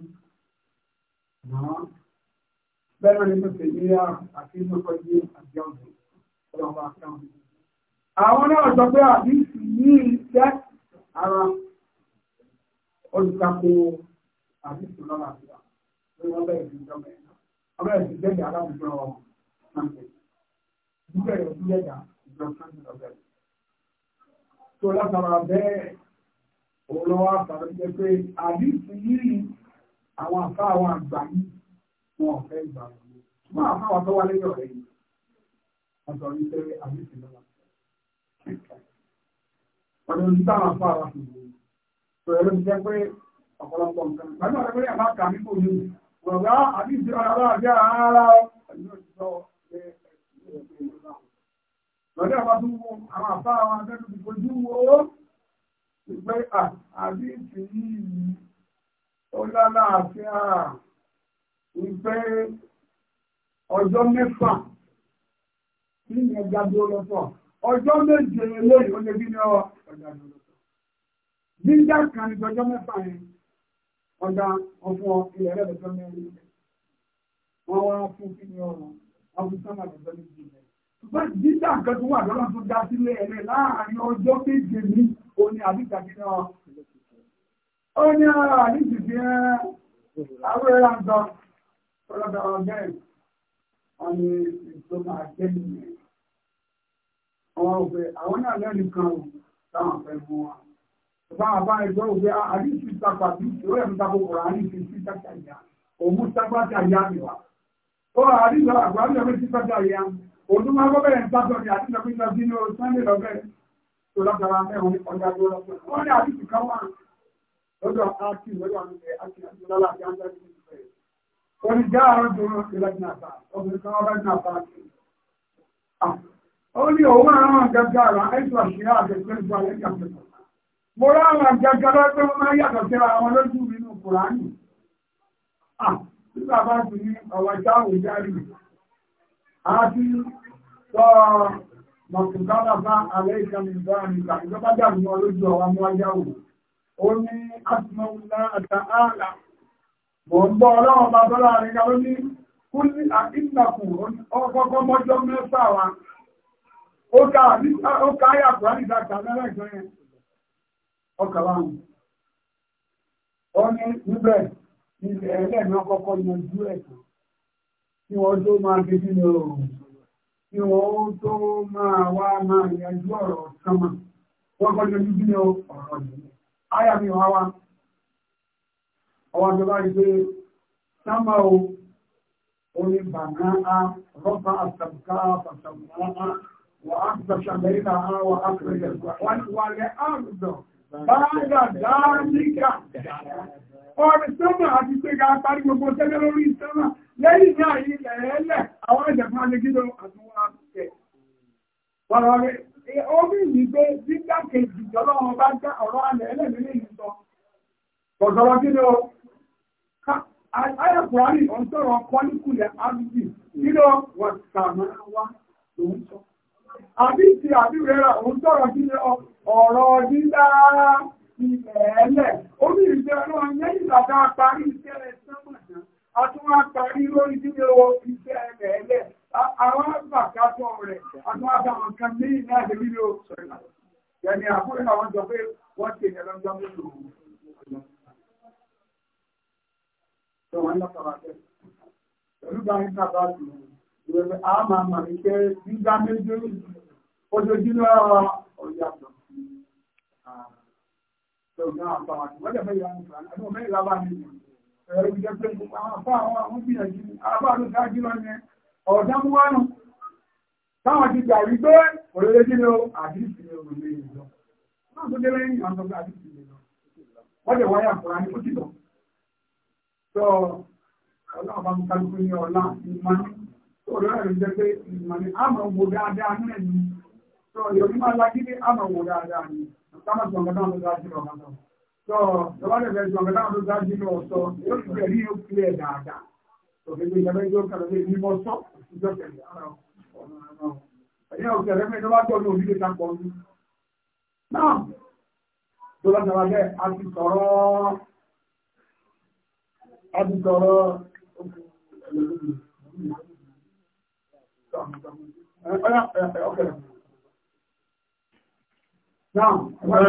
Bẹ́ẹ̀ ni mo tẹ̀lé àti ìmọ̀kọ́jú àti ọ̀gbìn. Àwọn náà sọ pé àdísì yìí jẹ́ ara olùtakò àdísì lọ́la àti wa. Wọ́n bẹ̀rẹ̀ sí ìjọba ẹ̀ náà. Wọ́n bẹ̀rẹ̀ sí ìjẹ́jà aláwùjọ Sunday. Ìbẹ̀rẹ̀ sí ìjẹ́jà ìjọ Sunday lọ́bẹ̀. Tó látara bẹ́ẹ̀ òun lọ́wọ́ àfàlọ́ jẹ́ pé àdísì yìí àwọn àfáà àwọn àgbà yìí wọn ò fẹ́ ìgbà wọn. Wọ́n àfáà wọn tó wá lẹ́yìn ọ̀rẹ́ yìí àtọ̀ wípé àdìsí lọ́la. Ọ̀dọ̀ ní táwọn afọ àwọn fi wò. Sọ̀rọ̀ ló ti jẹ́ pé ọ̀pọ̀lọpọ̀ nǹkan. Pẹ̀lú ọ̀rẹ́ pé àbá kà mí kò ní. Bọ̀dá àdìsí ọ̀rọ̀ àbí ara ọ̀. Lọ́dẹ̀ àwọn tó wo ọjọ́ mẹ́fà kí ni ẹja dúró lọ́tọ̀ ọjọ́ méje eléyìí ó lè bí ní ọ ọjà dúró lọ́tọ̀ jíjà kan ní ọjọ́ mẹ́fà yẹn ọjà ọ̀fọ̀ ilẹ̀ rẹ̀ lọ́jọ́ mẹ́rin wọ́n wá fún kí ni ọ̀rọ̀ abúsánà lọ́jọ́ méje rẹ̀ ṣùgbọ́n jíjà kan tó wà lọ́nà tó dá sílé ẹ̀rẹ̀ láàárín ọjọ́ méje ní òní àbíkà kí ni ọ ó ara àdíjì fi ẹ́ àwọn ẹ̀rọ àgbà ọlọ́dọ̀ ọ̀gá ẹ̀ wọ́n ní àwọn ọ̀fẹ́ àwọn náà lẹ́nu kan ò táwọn fẹ́ mú wa bá a bá ẹjọ́ òwe àdìsí tapa ah. tí ìṣòro ẹ̀ ń tako kọ̀ọ̀rọ̀ àdìsí sí tàkàyà òun tàkàyà ni wa ó àdìsí àgbà ní ọ̀fẹ́ sí tàkàyà òun máa gbọ́ bẹ̀rẹ̀ ń tako ní àdìsí ọ̀fẹ́ sí sínú sunday lọ́bẹ̀ tó lọ́kàrà mẹ́rin ọjà tó lọ́kàrà wọ́n ní àdìsí kan wà lọ́dọ̀ àti lọ́dọ̀ àti àti àti lọ́lá àti ó ní òun àwọn àjẹjẹ ara ẹ̀sùn àṣírí àjẹjẹ ìgbà lẹ́yìn àjẹjẹ mo rá àwọn àjẹjẹ lọ́pẹ́ wọn máa yàtọ̀ síra àwọn lójú nínú kùránì nígbà bá ti ní ọ̀wọ̀ jáwèé járí àti sọ mọ̀kùnkánà bá alẹ́ ìkànnì ìbáraẹnìkà ìjọba jáde wọn lójú ọ̀wọ̀ mú ajáwò ó ní asùnmọ̀wùlá àtàhálà mọ̀ ń bọ́ ọlọ́wọ́ bàbá láàrin ká ló ní kúlí àìsàkù ọkọ̀ọ̀kọ̀ mọ́jọ́ mẹ́fà wa ó ká àyà kùránì dàgbà lẹ́rẹ̀ ìjọ yẹn ọkàlá mi ó ní níbẹ̀ ilẹ̀ ẹlẹ́mìí ọkọ̀ọ̀kọ̀ yanjú ẹ̀sán kí wọ́n tó ni oòrùn kí wọ́n tó máa wá máa yanjú ọ̀rọ̀ sánmà wọ́n kọ́ yanjú kí ni ọ̀rọ̀ yìí àyà mi wá wá ọwọ́ àjọba yìí sánmà o oní bàná a rọ́bà àtàkà وأخذ شميلها وأخرج a والأرض بعد ذلك ọ̀rẹ́ sọ́mọ̀ àti pé ká parí gbogbo tẹ́lẹ̀ lórí sọ́mọ̀ lẹ́yìn náà ilẹ̀ ẹlẹ̀ àwọn ìjẹ̀fún alẹ́gídọ̀ àtúnwọ́n àtúnkẹ̀. ọ̀rọ̀ rẹ̀ yìí pé bá jẹ́ ọ̀rọ̀ àbí ti àbíwẹ̀rà òun tọ́rọ sí ọ̀rọ̀ dídá ilẹ̀ ó ní ìṣẹ́ ọlọ́run lẹ́yìn bàbá parí iṣẹ́ sọ́mọ̀dá a tún wá parí lórí dídé o iṣẹ́ ẹ̀lẹ̀ àwọn àgbàkátọ̀ rẹ̀ àwọn àbàwọn kan ní ìlà ìdílé o sọ̀rọ̀ yẹni àkúrẹ́ àwọn jọ pé wọ́n ti yẹ lọ́jọ́ mélòó Pẹ̀lú bá ń ká bá lù ìrẹ̀lẹ̀ àmà àmà ìkẹ́ gbígbá méjì ojoojúmọ́ ọjà tó fi ṣọ̀gbọ́n àpáwà tí wọ́n lè fẹ́ yàrá nípa àwọn ọmọ ìlà bá nínú ẹ̀rọ ìjẹ́ pé àpá àwọn àwọn gbìyànjú àpá ló dájú lọ ní ọ̀dá mú wánu táwọn ti gbà wípé òrèrè kí ló àdìsí ọ̀rọ̀ lè lọ náà tó délé ní àwọn ọmọ àdìsí lè lọ wọ́n lè wáyà fúra ní kó sọ ọlọ́run mú kálukú ní ọlá ìmọ̀ olóòrùn jẹ́ pé ìmọ̀ ni a máa wò dáadáa náà ni tó ìròyìn máa lajú pé a máa wò dáadáa ni sábà tí ọ̀gá náà ló dájú lọ ọ̀gá náà tó lọ́wọ́ lè fẹ́ tí ọ̀gá náà ló dájú lọ sọ yóò ti tẹ̀lé yóò kílẹ̀ dáadáa tó fi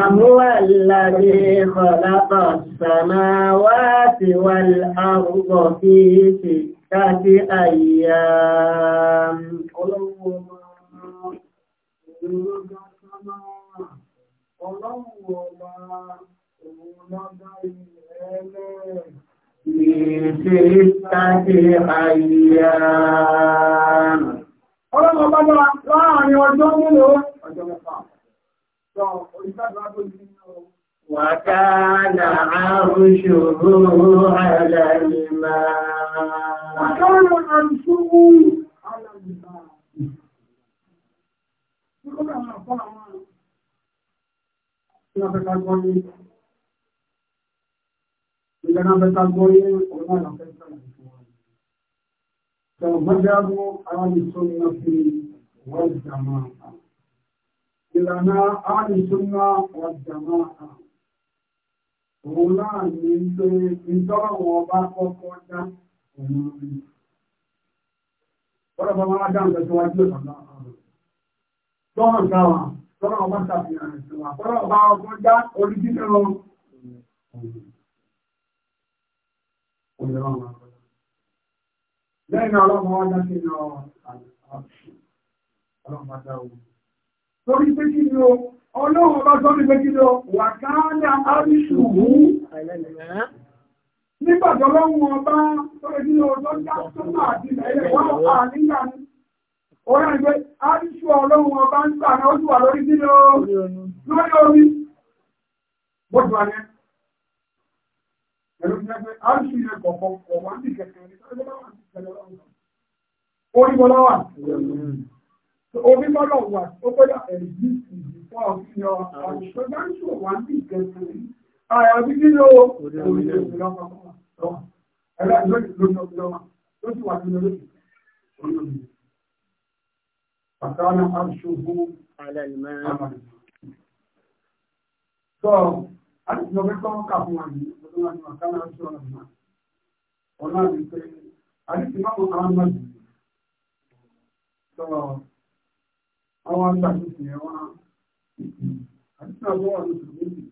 وهو الذي خلق السماوات والأرض في ستة أيام Ọlọ́run ọba òun lọ́dá ilẹ̀ ẹlẹ́ẹ̀ ní ṣe ìtàkì àyíyàn ọlọ́run ọba lọ́ra láàrin ọjọ́ mélòó ọjọ́ mẹ́fà sọ olùsàdúrà tó ti ní ọ̀rọ̀. وكان عرشه على مذهب أهل السنة والجماعة ìlànà àdìsúnná ọ̀jàmá òun láàrin pé ìjọ́rọ̀ ọba kọ́kọ́ dá òun rí. Bọ́dọ̀ bá máa dáhùn tẹ̀síwájú ọ̀nà ọ̀rọ̀. Tọ́nà gáwà, tọ́nà ọba ṣàfihàn ìṣẹ̀wà, tọ́nà ọba ọkọ̀ dá orí jíjẹ́ lọ. Òun yẹ lẹ́yìn ọlọ́mọ ọjọ́ sí lọ ọlọ́mọdá ohun torí pé kí ni o ọlọ́run bá sọ pé kí ni o wà káàdà àríṣùwú nígbàtọ̀ lọ́wọ́ ọba sọ́rọ̀ kí ni o tó já sọ́nà àti ilẹ̀ wà wà nígbà ní orí àgbẹ̀ àríṣù ọlọ́run ọba ń gbà náà ó sì wà lórí kí ni o lórí omi bọ́dù alẹ́ pẹ̀lú orí bọ́lá wà orí bọ́lá wà ó gbọ́dọ̀ ẹ̀rí ìdìbò ọ̀fíìyàn àṣọgbáṣọ wà ní ìkẹtù yìí àyàbí nílò orílẹ̀ èdè lọ́wọ́ ẹ̀rọ ìlú lónìí ọjọ́ wa ló sì wà nínú lónìí olómi pàtàkì àṣọgbó So, àti ìjọba ẹ̀kọ́ kà fún wa ní ọdún wa ní wàkánà àṣọ ọ̀nà ọ̀nà àti ìpẹ́yẹ àti máa kò àwọn ọmọdé sọ àwọn agbàtúntì yẹn wá àti tí àwọn ọmọdé sọ méjì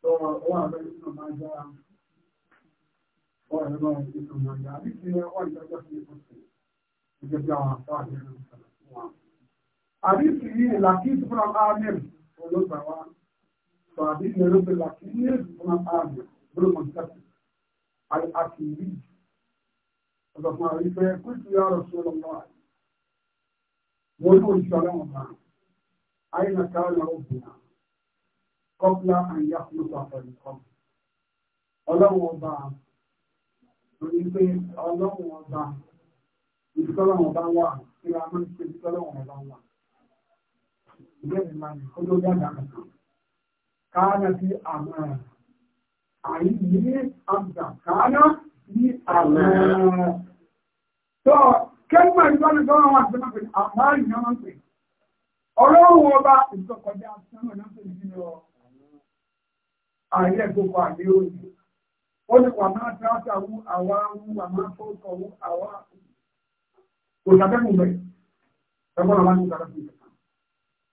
sọ ọwọ́ àbẹ́rẹ́ sọ máa já ọ̀rẹ́ náà ti sọ máa já àti tí wọ́n ìdájọ́ sí ẹ̀kọ́ sí ẹgbẹ́ bí àwọn àfọ́ àti ẹ̀rọ sọ̀rọ̀ fún wa. àbí tí yìí làkìtì fúnra ámìm olóògbà wa sọ àbí ìyẹn ló fi àti àti ìlú ọ̀sọ̀ fún àwọn ìfẹ́ kúrìsì yà rọ̀ sí ọlọ́wọ́ àyè wọ́n قبل أن ọlọ́wọ́ bá ayé na ká lọ òbí náà kọ́pìlà àyà fúnṣọ àfẹ́lẹ́ kọ́ ọlọ́wọ́ bá oní pé ọlọ́wọ́ bá ìfọ́lọ́wọ́ bá wà kí a máa ń ṣe ìfọ́lọ́wọ́ bá wà ìbéèrè máa ní kótó dáadáa kankan káàdà sí àmọ́ àyè yìí àbùdá ní àmà tó kẹ́gbà ìgbọ́nà tó wọ́n wọ́n àgbẹ́mọ̀ pé àmà ìyọ́nà pé ọlọ́run ọba ìtọ́kọjá sọ́nà náà pé nínú ààrẹ gbogbo àdé òní ó ní wà máa tíráta wú àwa wú wà máa fọ́ọ̀kọ̀ wú àwa kò sàbẹ́kùn bẹ́ẹ̀ ẹgbọ́n àwọn ní ìgbàlá fún ìgbà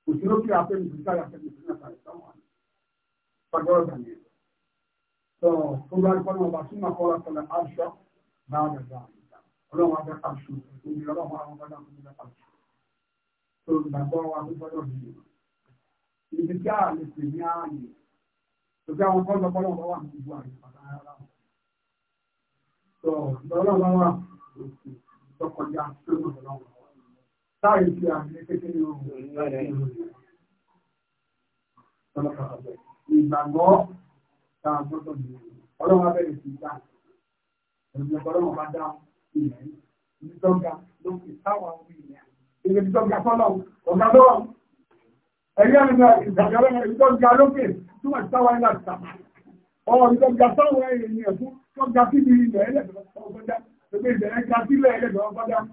òṣèlú kí a fẹ́ nìgbésí àyàfẹ́ nìgbésí àtàrí sáwọn àgbẹ̀ ọ̀gbà nìyẹn tó tó bá rí fọ́nà ọba súnmọ́ kọ́ra kọ́ra aṣọ bá rẹ̀ dá ọlọ́run abẹ́ aṣọ òbí ọlọ́run àwọn ọmọdé àwọn ọmọdé aṣọ tó gbàgbọ́ wa tó gbọ́dọ̀ yìí ibi tí a lè pè ní ààyè tó bí àwọn fọ́nà ọba wà ní ìlú àyè pàtàkì ara wọn tó ọlọ́run wa tó kọjá tó lọ́wọ́ táyì tí a ní kékeré òun ìgbàgbọ́ tá a gbọ́dọ̀ lò ọlọ́run abẹ́rẹ́ sí gbà ẹ̀rùn ọlọ́run bá dá ilẹ̀ ní dọ́gba ló fi táwọn ọmọ ilẹ̀ ilẹ̀ ní dọ́gba fọ́lọ́ ọ̀gá lọ́wọ́ ẹ̀rí ẹ̀rùn ìdàgbẹ́ rẹ̀ ní dọ́gba lókè túmọ̀ sí táwọn ilẹ̀ àtàmà ọ̀ ní dọ́gba táwọn ènìyàn fún dọ́gba síbi ilẹ̀ ẹlẹ́dọ̀ọ́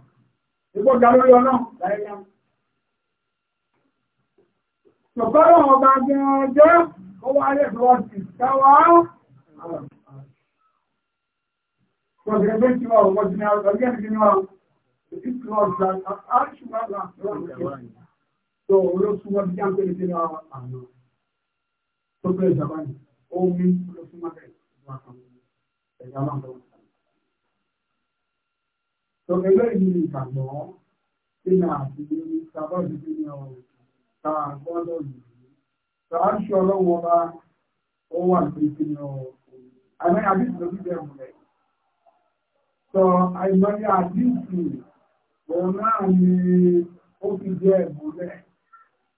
Ìgbọ́gbà lórí ọlọ́run láyé ó wá rẹ̀ lọ sí sáwá Ọ̀gẹ̀rẹ̀ méjì wà wọ́n ti ní àwọn ọ̀gẹ̀rẹ̀ méjì wà So, olóṣùwọ́ bí jáǹkó lè tẹ́lẹ̀ àwọn àwọn tó bẹ̀rẹ̀ ìjàmbá ni, ó mú olóṣùwọ́ bẹ̀rẹ̀ ìjọba kan, ẹ̀dá máa ń lọ. So, ẹgbẹ́ yìí ni ìgbàgbọ́, tí náà àti ní sábà ìdílé ní ọ̀rọ̀, tá a gbọ́dọ̀ yìí sàánṣọ ọlọ́wọ́ bá ó wà títí lọ àmì àdìsí ló bíbẹ̀ múlẹ̀ sọ àìmọye àdìsí òun náà ni ó fi jẹ́ ìmúlẹ̀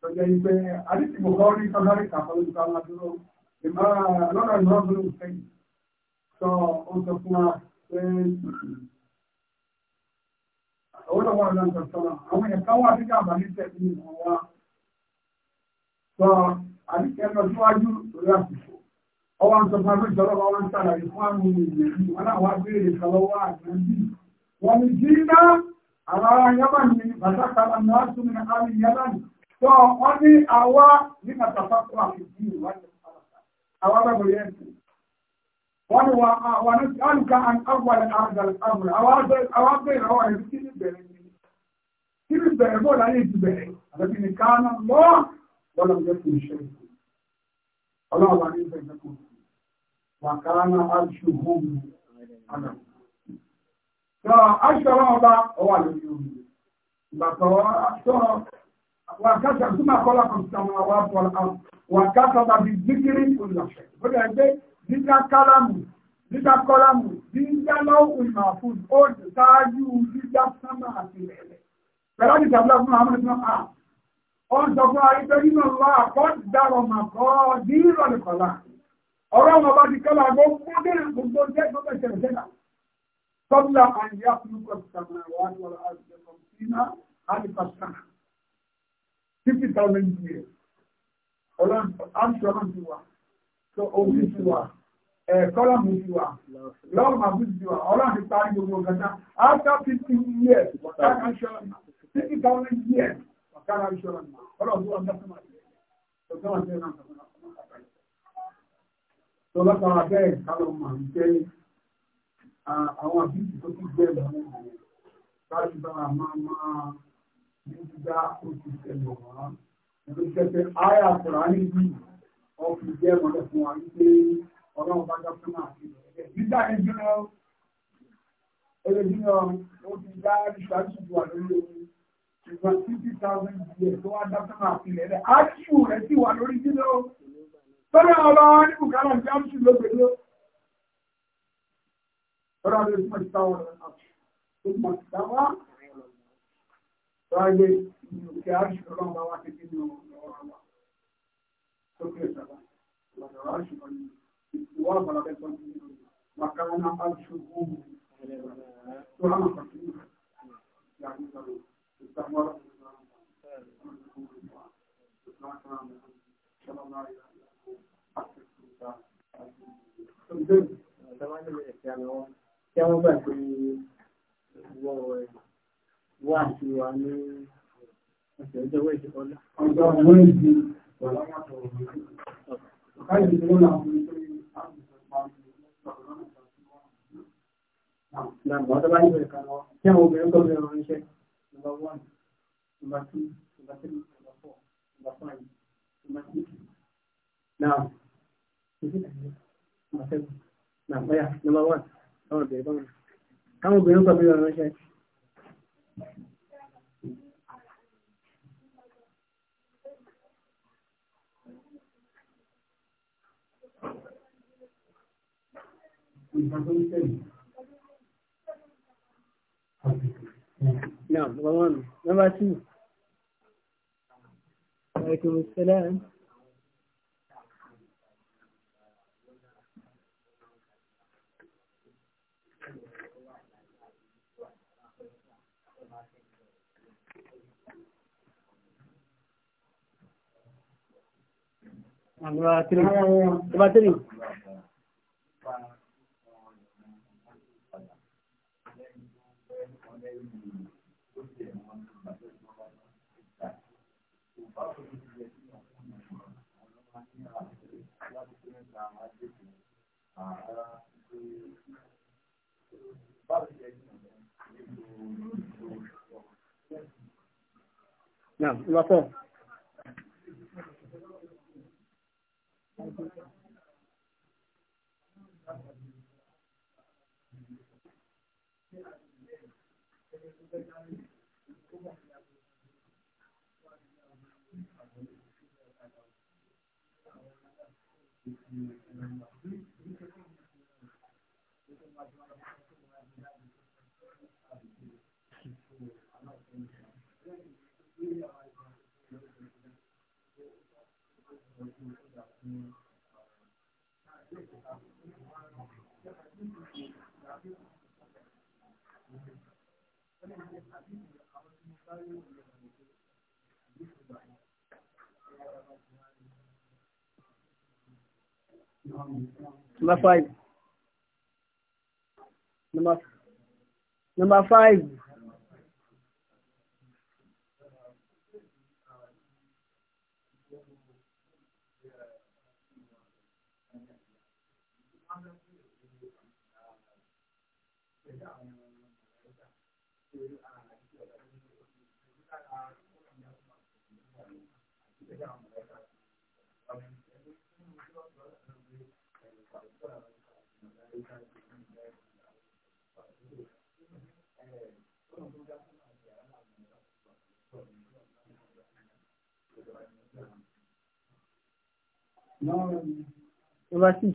lọ́jọ́ ìpẹ́ àdìsí bọ̀kọ́ rí kábàárì kàfọ́lù káwọn dúró ìmọ̀ràn lọ́nà ìmọ̀ràn sẹ́yìn sọ ó sọ fún wa pé àwọn ọmọ ọ̀nà ìtọ́sọ́nà àwọn ẹ̀ka wà nígbà àbáníṣẹ́ ní ìmọ̀ wa sọ àdìkẹ́lọ síwájú lórí àsìkò ọwọ́ ń sọ fún abẹ́jọ́ ọlọ́wọ́ wọn ń sàlàyé fún àwọn ènìyàn wọn náà wá béèrè kọlọ́wọ́ àgbẹ̀bí wọn ni jíńdá àwọn ará yaba ni bàtà kala ní wọn tún ní àmì yaba ni tó wọn ní àwa ní kàtàkùn àfìdí ìwádìí àwa bẹ́ẹ̀ bọ̀ yẹn wọn ni wọn ní àlùkà àwọn àgbàlẹ̀ àmúlẹ̀ àwa bẹ́ẹ̀ rẹ̀ wọ́n yẹn kí ni bẹ̀rẹ̀ kí ni bẹ̀rẹ̀ bọ́ọ̀lù ayé ti bẹ̀rẹ̀ àbẹ̀bí ni káánà lọ́ọ̀ wọ́n lọ́ọ̀ ọlọ́ọ̀bá ní ìfẹ̀jẹ̀ kan wàkánà aṣùhùn àdà sọ aṣọ́rọ̀ ọba ọwà lórí omi ìgbàtọ̀ aṣọ́rọ̀ wàkátà tí máa kọ́lá kan sí àwọn àwọn àpọ̀ wàkátà tàbí dígírí olùlàṣẹ bóyá ẹgbẹ́ dídá kálámù dídá kọ́lámù dídá lọ́wọ́ ìmàfún ó ṣáájú dídá sánmà àti ìrẹ̀lẹ̀ pẹ̀lú àdìsàbílà fún àwọn ọmọdé náà wọ́n sọ fún ayé pé nínú ọlọ́ àkọ́dàrọ̀ màkọ́ ní ìrọ̀lẹ̀ kọ̀lá ọ̀rọ̀ wọn bá ti kọ́lá gbogbo dé gbogbo jẹ́ gbogbo ìṣẹ̀lẹ̀ ṣẹlẹ̀ tọ́lá àyà fún kọ̀ọ̀tàmà wà ní ọ̀rọ̀ àjẹkọ̀ sínú àdìpàṣà fifty thousand years ọlọ́run àmṣọ́rọ̀ ti wà tó omi ti wà kọ́lá mi ti wà lọ́rùn àbú ti wà ọlọ́run ti parí gbogbo gàdá after fifty years fifty thousand years kára ìṣọ́ra nù ọlọ́run wọn ń jẹ́ jẹ́ lọ́wọ́ láti bá a ní dídá oṣù tẹ̀lé wá fún àti ìrẹ̀lẹ̀ dídá ẹjọ́ ẹlẹ́dínà ó ti dá ìṣáájú wà ìgbà twenty thousand years tó wá dákúnmá àfilẹ̀ rẹ̀ áṣù rẹ̀ sì wà lórí jílẹ̀ o tọ́lá ọba wa ní bùkálà ní áṣù ló gbé ló. tọ́lá ló túmọ̀ sí táwọn ọ̀rọ̀ náà tó túmọ̀ sí táwọn tọ́lá ní òkè áṣù lọ́wọ́ bá wá kékeré ní ọ̀rọ̀ wa tó kí ẹ̀ sábà lọ́dọ̀ áṣù kan ní ìwọ́ àbàlàbẹ̀ tó ń bí màkàrà náà áṣù Tí wọ́n gbà pé wọ́n wà sí wa ní ọ̀sẹ̀ ọjọ́ wẹ́ẹ̀dì ọlá. Ọjọ́ wẹ́ẹ̀dì ọlá wà tó wọ́n. Ọ̀káyọ̀ ìdíwọ́n làwọn ọmọ ìgbẹ́ Àwọn ọ̀dọ́ bá ń bẹ̀rẹ̀ kan lọ, tí àwọn obìnrin kọ́ bẹ̀rẹ̀ ránṣẹ́ number one, number two, number three, number four, number five, number six. Now, is it number seven? Now, oh, yeah, number one. Àwọn obìnrin come on. Àwọn obìnrin pàbí wọn ránṣẹ́. Ìgbà tó ń tẹ̀lé. number one number two alaikum salam Number three. Number three. Now, number Number five. Number, number five. number six.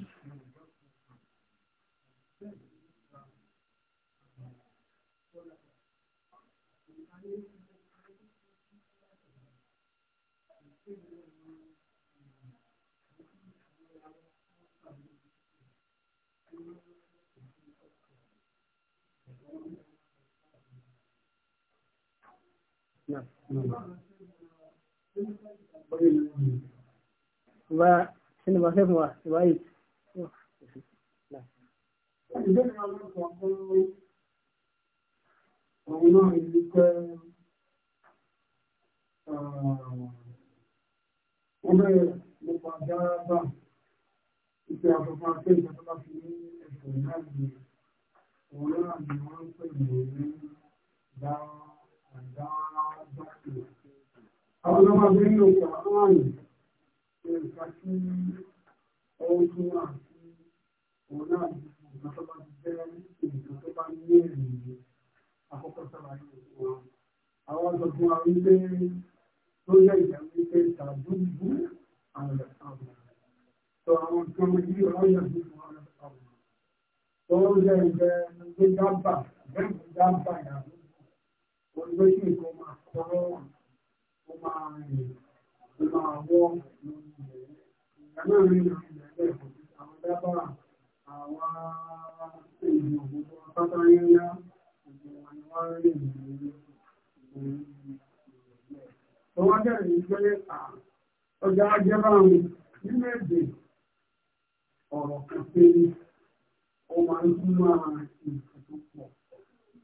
Yeah. Mm -hmm bá sínú bá fẹ́ fún wa ìwà yìí. ìbéèrè máa ń sọ pé òun náà ìlú pé wọ́n bẹ̀rẹ̀ nípa dáadáa ìpè àkọ́kọ́ pé ìjọba fi ní ẹ̀sùn náà ní òun náà ni wọ́n ń pè ní dáadáa. Àwọn ọmọ abẹ́rẹ́ ló sọ àwọn àyè nǹkan tí ọdún àti òun náà nǹkan tó bá ti jẹ́ nǹkan tó bá ní èrè àkọ́kọ́ sábàáyé òkú wa. Àwọn sọ fún wa wípé tó yẹ ìjà wípé tàdúgbù àrẹ àbọ̀. Sọ àwọn nǹkan ojú ọlọ́yà ní fún àrẹ àbọ̀. Tó yẹ ìjẹ tó dábà bẹ́ẹ̀ dábà yàrá. Olùgbé sì kò máa kọ́ ọ́ máa rìn. máa wọ́ ìgbà wọn ni wọ́n ọ̀rọ̀ kan pé máa ń tó pọ̀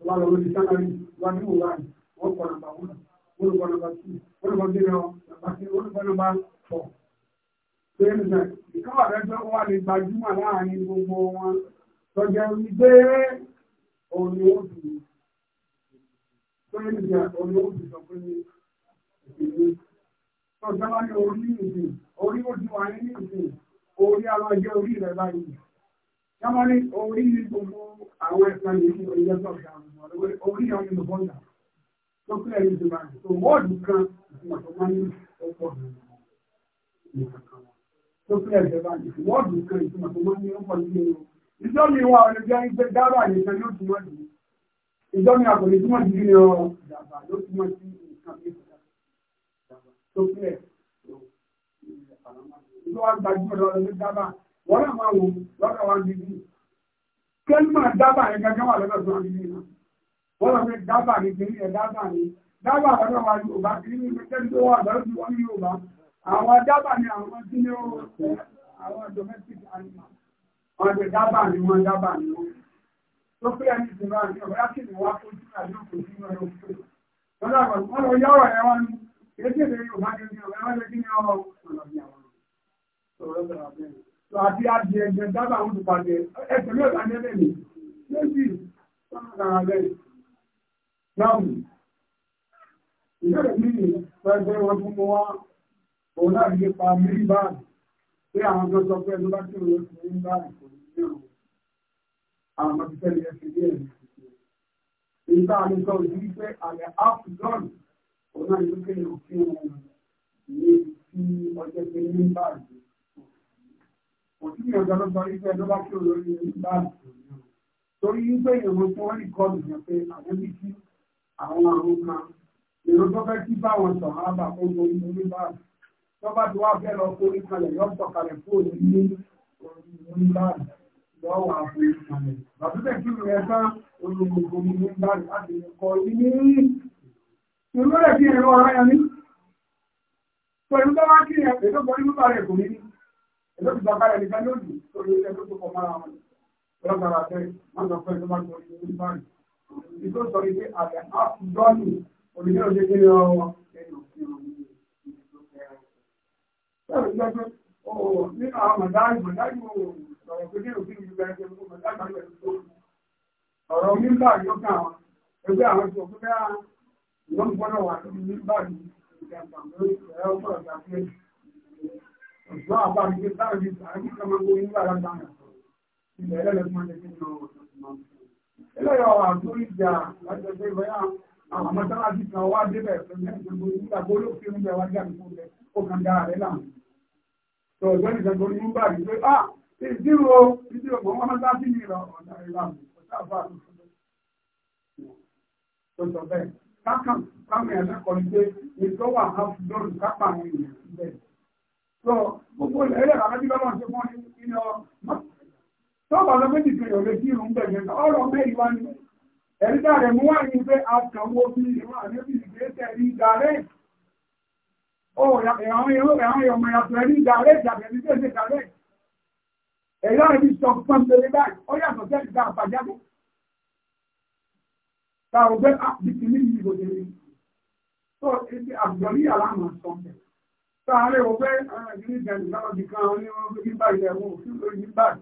lọ lórí wájú òwúrọ̀ What about number two? What about zero? Number three? What about number four? Ìkáwà rẹ̀ tó wà lè gbajúmọ̀ láàrin gbogbo wọn. Tọ́jà wípé òun ni ó dùn. Tọ́jà ní ìjà òun ni ó dùn sọ pé ní ìdílé tó fẹ́ ẹ̀rí ìjọba rẹ̀ tó wọ́ọ̀dù kan ìfihàn tó máa ń ní ọ̀pọ̀ tó fẹ́ ẹ̀rí ìjọba rẹ̀ tó wọ́ọ̀dù kan ìfihàn tó máa ń ní ọ̀pọ̀ nínú ìjọ mi wà ọ̀rẹ́ bí ẹni pé dábàá nìkan yóò túmọ̀ sí ìjọ mi àkọ́lé túmọ̀ sí ní ọ̀rọ̀ dàbà yóò túmọ̀ sí nǹkan bí tó fẹ́ ìjọ wa gbajúmọ̀ lọ́dọ̀ ní dábàá wọ́n náà máa wò lọ́dọ̀ wa bíbí kẹ́lí máa dábàá yẹn gẹ́gẹ́ wà lọ́dọ̀ tó wà bíbí náà wọ́n lọ sí dábà ní kiri ẹ̀ dábà ní dábà lọ́dọ̀ wa Yorùbá kiri ní pẹ́kẹ́ tó wà lọ́dọ̀ wọn ní Yorùbá àwọn dábà ní àwọn tí ní oòrùn àwọn domestic animal wọ́n ti dábà ní wọ́n dábà ní wọ́n tó pé ẹni tí wọ́n ní ọ̀rẹ́ kì ní wá fojú àjọ kò sí wọn lọ fún un wọ́n lọ yọ̀rọ̀ ẹ̀ wọn ni èsì èdè Yorùbá kiri ní ọ̀rẹ́ wọn Náàmù, ìbẹ̀rẹ̀ míì pẹ́gbẹ́ wọn fún mọ́ wá, òun náà yí pa mírí báàdì, pé àwọn tó sọ pé ẹgbẹ́ bá tí òun fi mírí báàdì kò ní ní òun. Àwọn ọmọ ti tẹ́lẹ̀ ẹ̀ fi ní ẹ̀rí. Èyí tá a lè sọ òjú pé àlẹ́ áfùdọ́n, òun náà yóò kéde òfin òun ní ti ọjọ́ pé mírí báàdì. Òtún ìyọ̀dọ́ ló sọ wípé ẹgbẹ́ bá tí òun lórí mírí báàdì kò ní òun. Torí wípé ìròyìn tí wọ́n rí kọ́ àwọn àrùn kan èrò tó fẹ́ kí báwọn sọ̀ máa bà fún orí orí báàbù tó bá ti wá fẹ́ lọ forí kalẹ̀ yọ sọ̀ kalẹ̀ fún òní ní orí báàbù lọ́wọ́ àforí kalẹ̀ bàbá bẹ́ẹ̀ kí rẹ̀ tán olùgbòǹgbò ní orí báàbù láti kọ ilé ìlú rẹ̀ fi ẹ̀rọ ara yẹn ní pẹ̀lú tó wá kí ẹ̀ ètò bọ́ inú bàrẹ̀ kò ní ní ètò ìgbà bàrẹ̀ nìkan lónìí tó lè ṣe tó tó kọ ìtò sọ wípé àgbẹ̀ áfùdọ́nù òmìnira ṣe kí ni ọwọ́ lẹ́nu òfin òní pé o nínú àwọn mọ̀dáì mọ̀dáì mo sọ̀rọ̀ pé kí òfin ìlú bẹ̀rẹ̀ pẹ̀lú mọ̀dáì máa ń bẹ̀rẹ̀ tó. Ọ̀rọ̀ nígbà yóò kà wọ́n ẹgbẹ́ àwọn tó fún bẹ́ẹ̀ wọ́n gbọ́dọ̀ wà lórí nígbà yìí ìjàmbá lórí ẹ̀rọ fọ̀rọ̀ tàbí ọ̀ṣọ́ àbáyé láàrin ìgbà yìí kí eléyà ọ̀rọ̀ àtúrí ìjà lájọjọ ìbáyà àwọn mọ́sálásí kan wá débẹ̀ nígbàgbọ́ olófin oúnjẹ wá jáde fún ilẹ̀ ó kàn dára rẹ̀ lànà. tó ọ̀gbẹ́ nìkan tó ní ń bá rí pé à ìdírò ìdírò mọ́ wọn mọ́sálásí ní ìlà ọ̀nà ìlànà ọ̀sá àbá àtúntò tó sọ bẹ́ẹ̀ kákan káwọn ẹ̀dá kọ ní pé ètò wà lórí kápá àwọn èèyàn síbẹ̀. tó gbogbo ilẹ̀ ẹ̀rẹ̀ àkájú lọ́wọ́ tó bá lọ méjì tó yọ̀ lè kí irun bẹ̀rẹ̀ náà ọ̀rọ̀ mẹ́rin wá ní ẹ̀ríkà rẹ̀ mú wá ní pé àkànwó bí irun àníbi ìgbésẹ̀ rí direct àwọn ọmọ ìyàtọ̀ rí direct àbẹ̀rí tẹ̀sẹ̀ direct ẹ̀yọ́ rẹ̀ bí sọ fún mi lé báyìí ó yàtọ̀ sí ẹ̀ka àbájáde ta ò bẹ́ àbìtì ah, ní ìlú ìlú tó ti àbùjọ́lí àlámà sọ bẹ́ẹ̀ tá a lè wọ bẹ́ ẹ̀rọ ìdílé ìdẹ̀lù lọ́wọ́ bìkan ní wọ́n fi ní báyìí ẹ̀wọ̀n òfin lórí ní báyìí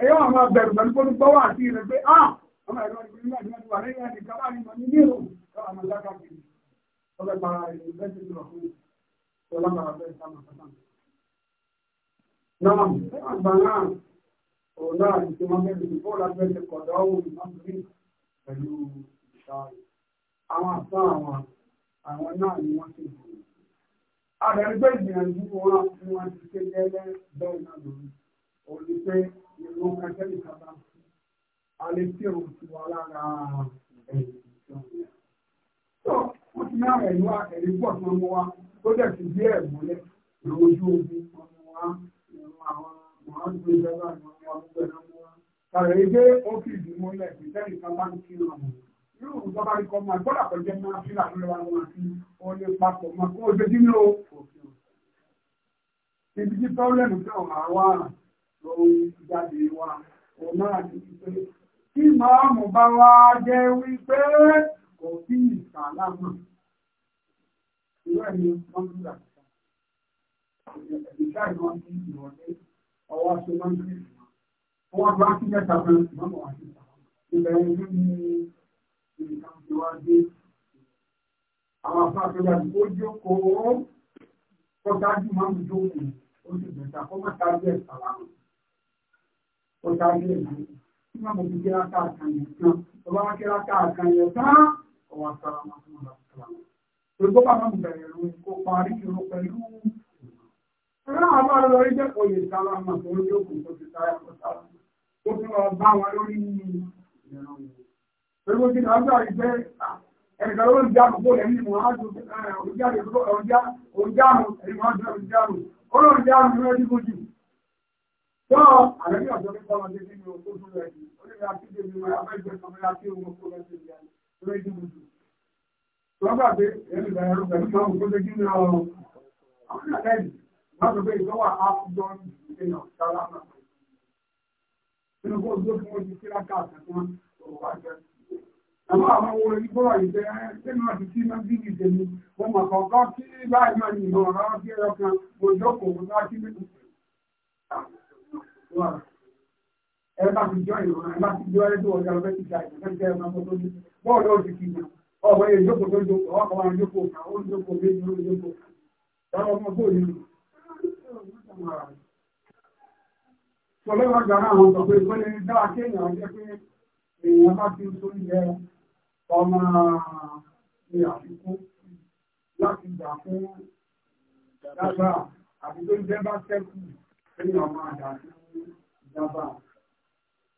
ẹ̀yọ́ àwọn abẹ̀rù pẹ̀lú kó ní gbọ́wọ́ àti rẹ̀ pé ah ọmọ ẹ̀rọ ìgbìmọ̀ ìgbìmọ̀ ìgbà lẹ́yìn àti ìjọba ní ìmọ̀ nílé o káwọn ọmọ ìlàkà kiri ọbẹ̀ para ìgbẹ́sì tó lọ fún ọlọ́mọ abẹ́ ìsàmà sátán. náà àgbà náà òun náà ní tí wọ́n mẹ́rin ní bọ́ọ̀lù abẹ́sẹ̀ kọ̀dọ̀ ọ̀hún ìmọ̀kùnrin pẹ̀lú ìṣàrò àwọn àṣà àwọn àwọn náà ni wọ́n ti bù. àbẹ̀rẹ̀ gbé ìgbìyànjú wọn ni wọ́n ti ṣe gẹ́gẹ́ bẹ́ẹ̀ náà lórí òun ni pé ìlú kankẹ́lì kàtà alẹ́ tí o ti wà lára ẹ̀yìn ìjọba. tó wọ́n ti náà ẹ̀yìn wa ẹ̀yìn pọ̀ tí wọ́n mú tó dẹ̀ ti bí ẹ̀ mọ́lẹ̀ ìrọ̀ ojú omi wọn wa ìrọ̀ àwọn mọ̀ọ́dún ìjọba ni wọ́n mú gbogbo ẹ̀ mú wa. tààrà yìí ó fi ìdìmọ́ lẹ̀ pé tẹ́lẹ̀ ń kí wọn mọ̀ yóò rú tọ́ba ikọ̀ máa gbọ́dọ̀ pẹ̀lú máa fi làkúrẹ́ wa wọn àti ọlẹ́ papọ̀ máa kó o ṣe dínú o. ibi ló ń jáde wá òun náà ti fi pé tí màámù bá wá jẹ́ wípé kò sí ìsàlámà irú ẹ̀ ni wọ́n ń gbà ìṣá ìwọ̀n ti ìrọ̀lẹ́ ọwọ́ ṣe máa ń gbé ìwọ̀n wọ́n bá sí mẹ́ta fún ìmọ̀mọ̀ àti ìbẹ̀ ojú ni nǹkan ti wá dé àwọn afáfẹ́lá ó jókòó kọ́tájú máa ń jókòó ó sì bẹ̀ta kọ́ mọ́ta bẹ́ẹ̀ sàlámù ó ṣáájú ìlú tí wọ́n mọ̀ sí kí láká àkànyẹ̀ tán tó bá wá kí láká àkànyẹ̀ tán ọwọ́ àtàrà máa fún ọ̀la àtàrà wọn. tó gbọ́ bá máa bẹ̀rẹ̀ ló kó parí kí ló pẹ̀lú ọ̀la àbá lọ rí jẹ́ oyè sára mà tó ló kù tó ti sára kó sára tó fi lọ bá wọn lórí ìrànwọ́. pẹ̀lú kí lágbà rí pé ẹnìkan ló ń já àkókò lẹ́yìn ìmọ̀ àjò òjáàrùn ẹ̀rí Lọ́gbàgbé ẹ̀rù ìbẹ̀rù pẹ̀lú ọmọ tó lé kí ní ọrọ̀. Àwọn ìrìnàlẹ́yìn, wọ́n tó gbé ìtọ́wà ápùdọ́ ìrìnà sálámà. Inú kó ojú fún ojú kí lákà àtẹ̀kún ọ̀wà jẹ́. Àwọn àwọn owó ìgbọ́wà ìjẹ́ ẹ̀ẹ́sẹ́ náà ti kí náà bí ìdèmí. Wọ́n mọ̀ kọ̀ọ̀kan kí báyìí náà ní ìmọ̀ ọ̀rọ̀ wà ẹ bá ti jọ ìrora ẹ bá ti jọ ẹ tó ọjà lọ bẹ́ẹ̀ ti ga ìrora ẹ jẹ́ ẹ máa mọ tó ní bọ́ọ̀lù ó ti kì í nà ọmọ yẹn jókòó tó jókòó ọwọ́ kan wà ní jókòó kan ó ń jókòó méjì ó ń jókòó kan táwọn ọmọ bóòlù nù. Sọlọ́wọ́ gba àwọn sọ pé ìwé dára láti gbà fún dáadáa àti tó jẹ́ bá tẹ́kù kéèyàn máa dà dábàá.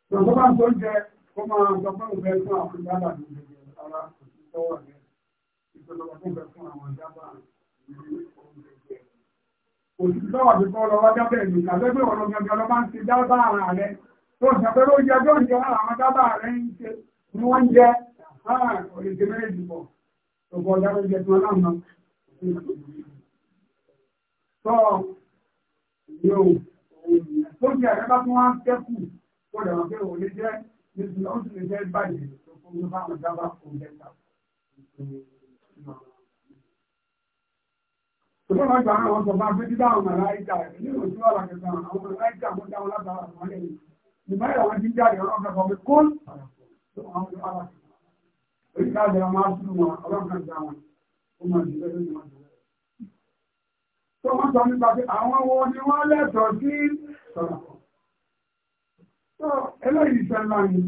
Tòótọ́ bá ń tó jẹ kó máa sọ pé òun fẹ́ fún àwọn dábàá ní ìdíje ara òṣìṣẹ́ wà ní ìpolówó tó fẹ́ fún àwọn dábàá ní oúnjẹ jẹ. Òṣìṣẹ́ wà fi kọ́ lọ wájá bẹ́ẹ̀ ní ìkàlẹ́gbẹ̀ ọ̀rọ̀ gangan lọ bá ń ti dábàá ara rẹ̀. Tó sọ pé ó jẹ bóun jẹ àwọn dábàá rẹ̀ ń ṣe ni wọ́n ń jẹ òṣìṣẹ́ méjì pọ̀. Tòbọ̀ ọ̀dà ló jẹ tí wọ́n láwọn náà. Sọ yóò tó jẹ́ ẹ̀rẹ́ bá tún wá ń kẹ́kù tó dẹ̀ wọ́n pé òun lè jẹ́ níbi ó sì lè jẹ́ báyìí tó fún mi bá wọn dábàá fún mẹ́ta. Òṣèlú àgbà àwọn ọmọ sọ̀bá pé dídá àwọn màláìkà ní òṣù àlàkẹta àwọn màláìkà mú dáwọn látara àwọn ẹ̀yìn. Ìbáyà wọn ti ń jáde ọ̀rọ̀ ọ̀gá kan pé kó àwọn àlàkẹta. Oríṣiríṣi àwọn máa ń sùn wọn ọlọ́kan dáwọn. Ó máa ń dìbẹ́ lórí wọn jù tó wọ́n sọ nípa pé àwọn wo ni wọ́n lẹ́tọ̀ọ́ sí sọ̀rọ̀ tó eléyìí iṣẹ́ ńlá ni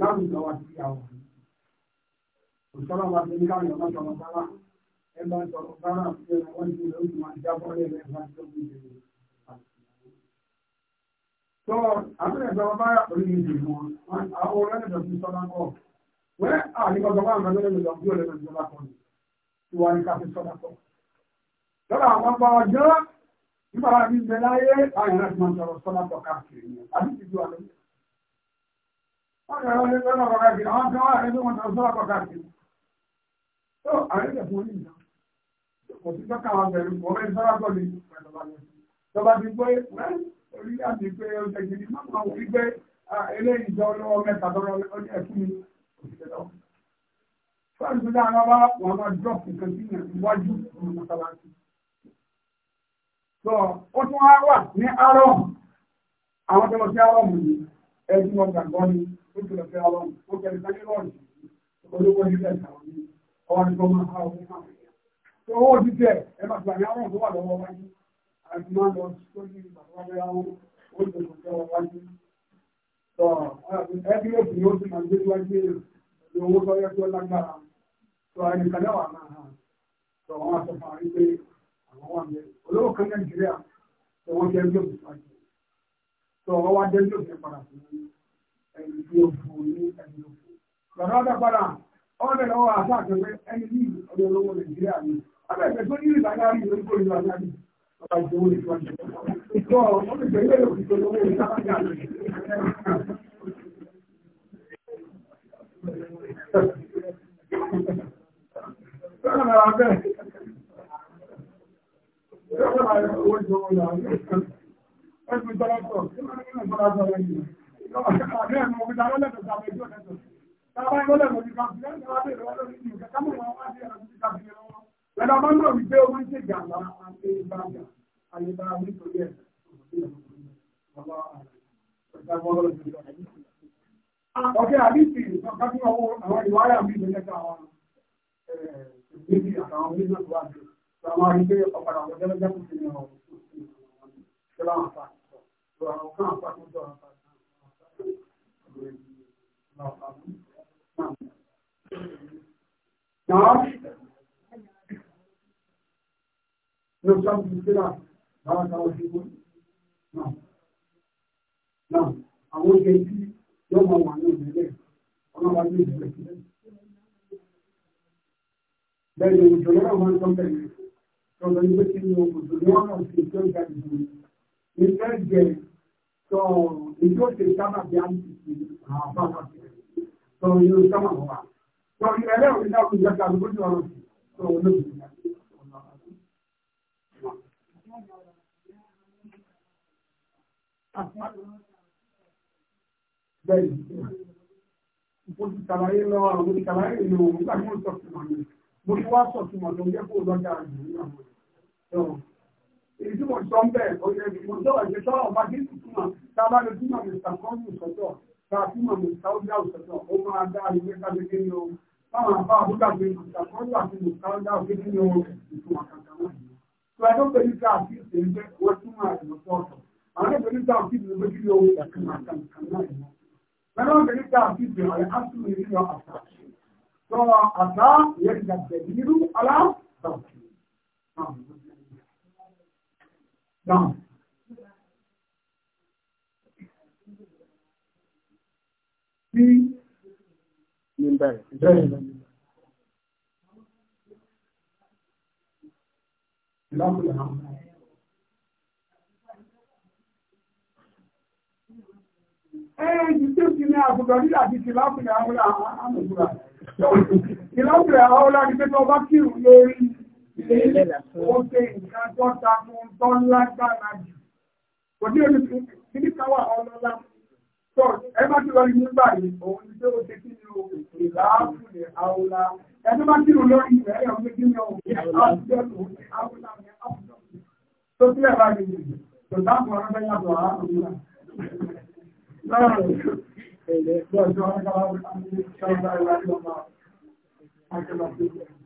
láwùjọ wa ti yà wọ́n òṣèlú wa ti ní káwọn ọmọ sọ̀rọ̀ sára ẹ bá sọ̀rọ̀ sára àti ẹ̀rọ wọn ti lè oṣù máa jábọ́ lé ẹ̀ máa tó bí ìṣẹ̀lẹ̀ tó àbúrò ìjọba bá yà pẹ̀lú ìdìbò àwọn olóyìnbó ti sọ́nà kọ́ wẹ́ẹ́ àlìkọ́jọba àmọ́ lórí ìjọba bí olóyìnbó ti sọ́nà kọ́ lọ́rọ̀ àwọn ọmọ ọjọ́ nígbà wà ní ìgbẹ́ láyé báyìí láti máa sọ̀rọ̀ sọ́lá pọ̀ káàkiri ni àbí ti ju àlọ́ wọ́n yọ ọ́ lẹ́gbẹ́ lọ́pọ̀ káàkiri àwọn tí wọ́n wà lẹ́gbẹ́ wọn sọ̀rọ̀ sọ́lá pọ̀ káàkiri tó àrẹ́gbẹ̀ fún oníjà kò sí tọ́ka àwọn bẹ̀rù kò rẹ̀ sọ́lá pọ̀ ní tọba ti pé orí àti pé ọjà gidi má máa wí pé eléyìí jọ lọ́wọ́ mẹ́ta lọ́rọ́ ọjọ́ ẹ̀fún mi kò sí tẹ́lọ́ fún àdúgbò àwọn ọba wọn sọ ó tún wá wà ní arọ́m àwọn tó lọ sí arọ́m yìí ẹbí wọn gbàgbọ́ ni ó tún lọ sí arọ́m ó kẹrin sáyé lọ́ọ̀dì olówó nílẹ̀ ìtàwọn ní ọwọ́ ní tó máa ha owó máa wọ̀ yá tó owó ti tẹ̀ ẹ máa gbà ní arọ́m tó wà lọ́wọ́ wájú àti máa lọ sórí ìgbàgbọ́ àwọn olùdókòtò wájú sọ ẹbí yóò fi yóò ti máa gbé wájú ní owó tó yẹ kí ó lágbára sọ ẹnìkan náà wà àwọn wà ní olówó kan nàìjíríà tó wọ́n jẹ́ ẹgbẹ́ òkú fàájì tó wọ́n wá dé ẹgbẹ́ òkú padà fún ẹni tí ó fún ní ẹni ó fún. bàbá bá padà ọ̀rẹ́ lọ́wọ́ àṣà àtẹ̀wé ẹni ní ọdún olówó Thank you. Ẹ̀dà máa ń lọ wípé ó máa ń ṣe ìjàmbá àti ìbájà, àyíká nítorí ẹ̀. Ọ̀kẹ́ àdìsí ìsọ̀kájú àwọn ìwáyà mi lẹ́gbẹ̀ẹ́ àwọn ẹ̀ẹ́dẹ́gbẹ̀ẹ́ àtàwọn mílíọ̀nù wájú àwọn àrígbé ọ̀padà ọ̀gẹ́gẹ́ kò sí ní ọ̀rọ̀ tó láwọn àpá tó àwọn kan àpá tó tó àpá náà ló sọ fún sílá báwọn táwọn sí mú náà náà àwọn oúnjẹ tí yóò máa wà ní ìbílẹ̀ ọlọ́wà ní ìbílẹ̀ sílẹ̀ bẹ́ẹ̀ ni òjò lọ́wọ́ máa ń tọ́ bẹ̀rẹ̀ tọ́lọ ilé tí ní òkùnkùn lọ́nà sí tó ga jù ìfẹ́ jẹ sọ ìjọ ṣe sábà bí a ń tìtì àwọn afáfá sọ ìlú sábà wà sọ ìrẹ̀lẹ̀ òní náà kò jẹ́ka ló bójú ọ̀rọ̀ sí sọ olóògbé náà. Bẹ́ẹ̀ni, mo ti ṣàlàyé lọ́wọ́ àwọn olùṣàlàyé ìlú òun nígbà tí mo sọ fún wọn. Mo ti wá sọ fún wọn tó ń jẹ́ kó lọ́jà àjò nínú àwọn ìlú èyí tí mo sọ ń bẹ̀ ọ̀yẹ́ bí mo sọ̀rọ̀ ìṣe sọ̀rọ̀ ọba kí n túmọ̀ tá a bá lè túmọ̀ mr kọ́ńtù sọ̀tọ̀ tá a túmọ̀ mr ọjà sọ̀tọ̀ ó máa dá ilé kábíyé ní o báwọn àbá àbúgbà pé mr kọ́ńtù àti mr ọjà òkè ní o ìtumọ̀ kankan náà tó ẹ tó pẹ̀lú ká àti ìṣe ń bẹ́ wọ́n túmọ̀ àìmọ̀tọ̀ ọ̀tọ̀ àwọn ẹgbẹ́ ní ká àti ìṣe lójú yóò ẹ̀kan kankan náà ìmọ̀ mẹ́rin ọ̀gbẹ́ ní ká àti ìṣe ọ̀rẹ́ á tún lè yọ àṣà tó náà. Bí àwọn àmùgbùrà. tó bá kírù lórí ó ṣe nǹkan tó ta fún tó lágbára jù kò ní orí kí ní káwà ọlọ́lá tó ẹ bá ti lọ rí nígbà yìí òun ni pé ó ṣe kí ni o ìlàáfùlẹ̀ àwòlá ẹni bá kí ni olórí rẹ̀ ẹ̀yọ̀ pé kí ni o àwùjọ tó àwòlá rẹ̀ àwùjọ tó sílẹ̀ bá rí ni tó dáàbò ọ̀rọ̀ bẹ́ẹ̀ yàtọ̀ àwòlá. Lọ́rùn, ẹ̀lẹ́, lọ́jọ́ ọ̀rọ̀